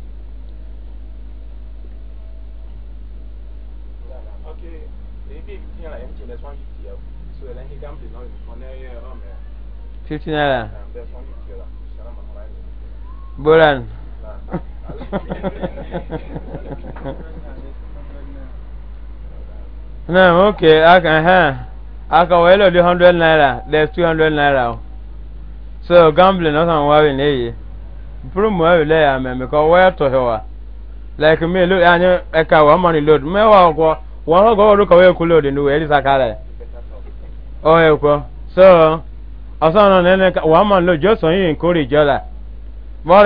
naira um, boran na okay aka ha aka welo di hundred naira there's two hundred naira so gambling not on worry na eh? ye. pụrụ mụ ele ya mmemme ka ọ wee tụhịwa like me lo anyị eka wa mani load mewa ọgwọ wọn ha ọrụ ka wee kwu load elisa kala ọ ya kwọ so ọsọ na ene wa mani load yi nkori jọla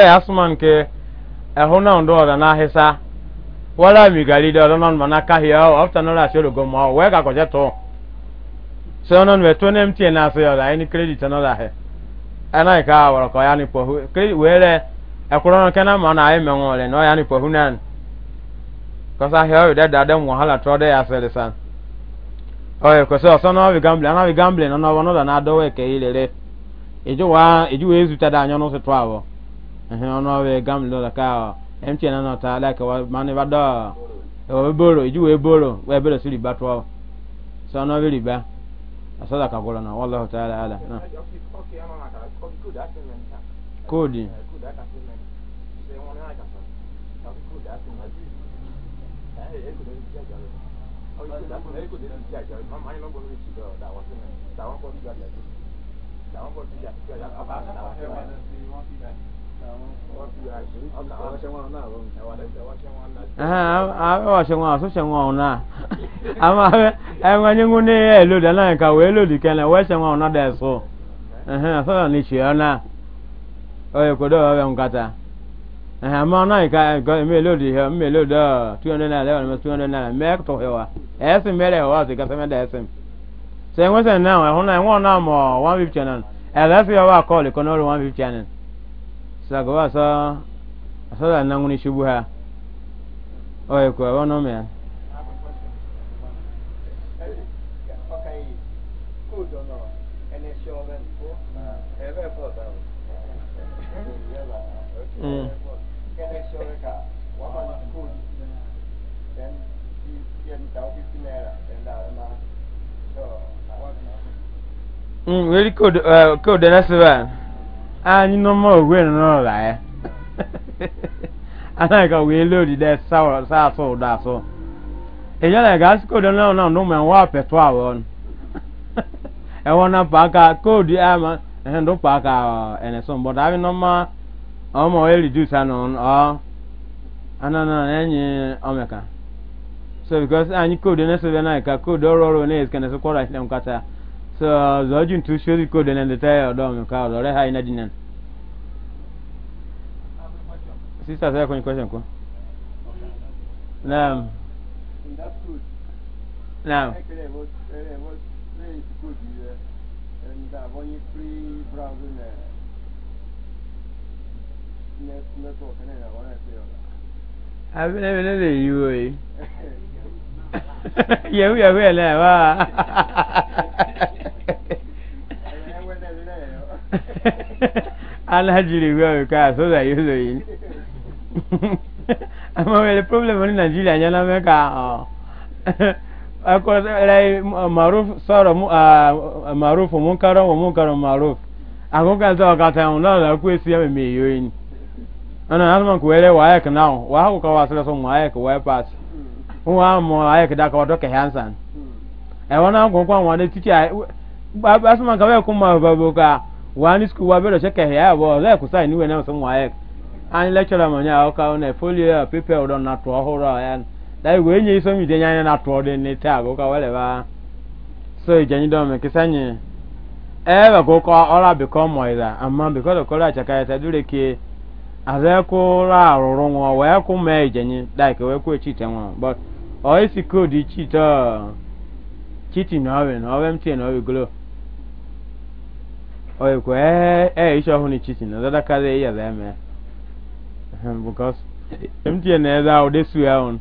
ya asụma nke e, na ndụ na mi gali dị ọ asị ologo ka so na na na e, ni kredit e, ana ka wara ko yani pohu ke wele akoro ma na ayi menwo le no yani pohu nan ko sa he o da wahala to de ya sele san o ko so so no we gamble na we gamble no no na do we ke wa da anyo no se to awo no gamble do na no ta like wa do o e boro ejo we boro we boro siri ba to so no ka na wallahu ta'ala ala na Kodi. good achievement. Good. Good achievement. wọn ní àjàsọ? Tàbí good achievement. Ẹ ẹ kò lè di àjà rẹ̀. Ọ̀ yìí good ẹ se wọn so. sọdọ ni chi ọna oye kodo nkata ama ọna ika ẹkọ mmele odi hẹ mmele odi ọ two hundred naira eleven two hundred naira mẹ tọ hẹwa ẹsìn mẹrẹ hẹwa ọsì kẹsẹ mẹdẹ ẹsìn sẹ ẹwọn sẹ náà ẹhún náà ẹwọn náà mọ one fifty nàn ẹlẹsìn ọwọ akọọlù kan lórí one fifty nàn sàgọwà sọ sọdọ nàngún ìṣubú ha oye Mm. Mm, really good, uh, good, that's the Anyị n'ọma nọ n'ụlọ ya. Anaghị ka wee loo saa asụ ụda asụ. Ịjọ na ga asị koodu n'ụlọ na ndụ ah, ma nwa ihe ndo pa ka ene so mbo dawi no ma o mo e reduce anon o anana enyi omeka so because anyị code na so na ka code ọrụ ọrụ na eske na so kwara ihe mkata so zo jin tu show code na ndeta ya e, do mi ka do re ha ina dinan sister say kwenye question ko naam naam da, bo oni free browser ne. Ne, ne to, ne, ne, ona je to. A bi ne bi ne le yiwo yi. Yehu yehu ele wa. Alhajiri wa ka so da yuzo yi. Ama akwai maruf sara maruf munkara wa munkara maruf agoga zo ka ta on la ku esi ya me yoyin ana alman ku ere wa yak now wa wa ka hansan e wana ku kwa wa ka wa ku ma ba boka wa ni sku wa be do cheke ya bo le ku ni we na so an lecture ma nya ka on e folio paper na to dai we nye iso mi de nyane na to de ne ta go ka wale ba so je nyi do me kisanye e ba go ko ora bi ko mo ida amma bi ko ko ra chaka ta dure ke aze ko ra ruru nwo we ku me je nyi dai ke we ku chi te nwo but o isi ko di chi to chi ti no we no we mti no we glo o e ko e e iso hu ni chi ti no da ka de ya da me because mti na da o de su ya on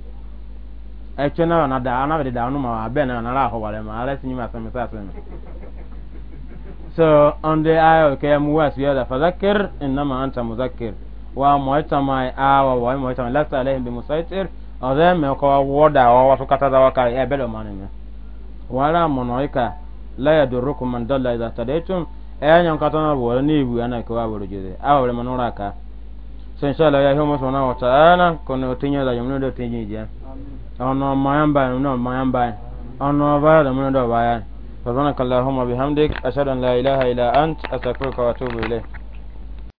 ɛtwɛ na na da ana de da no ma abɛn na na la ho wale ma ala sinima sami sa sami so on the eye okay mu was ya da fadhakkir innama anta mudhakkir wa mu'ta mai awa wa mu'ta mai lasta alaihim bi musaitir ɔdɛ mɛ kɔ wɔda wɔ wɔtɔ kata da waka ɛ bɛ dɔ ma ne mɛ wala mɔnɔika la ya doro ko man dɔla iza tade tun ɛ e, nyɛ kata na wɔrɔ ne ibu ana ko awɔrɔ jɛde awɔrɔ mɛ nɔra ka so inshallah ya hiyo mɔsɔn na wata ana kɔni o tiɲɛ da yamuna do tiɲɛ jɛ ono mayamba no mayamba ono ba da mun da bayan subhanakallahumma bihamdik ashhadu an la ilaha illa ant astaghfiruka wa atubu ilayk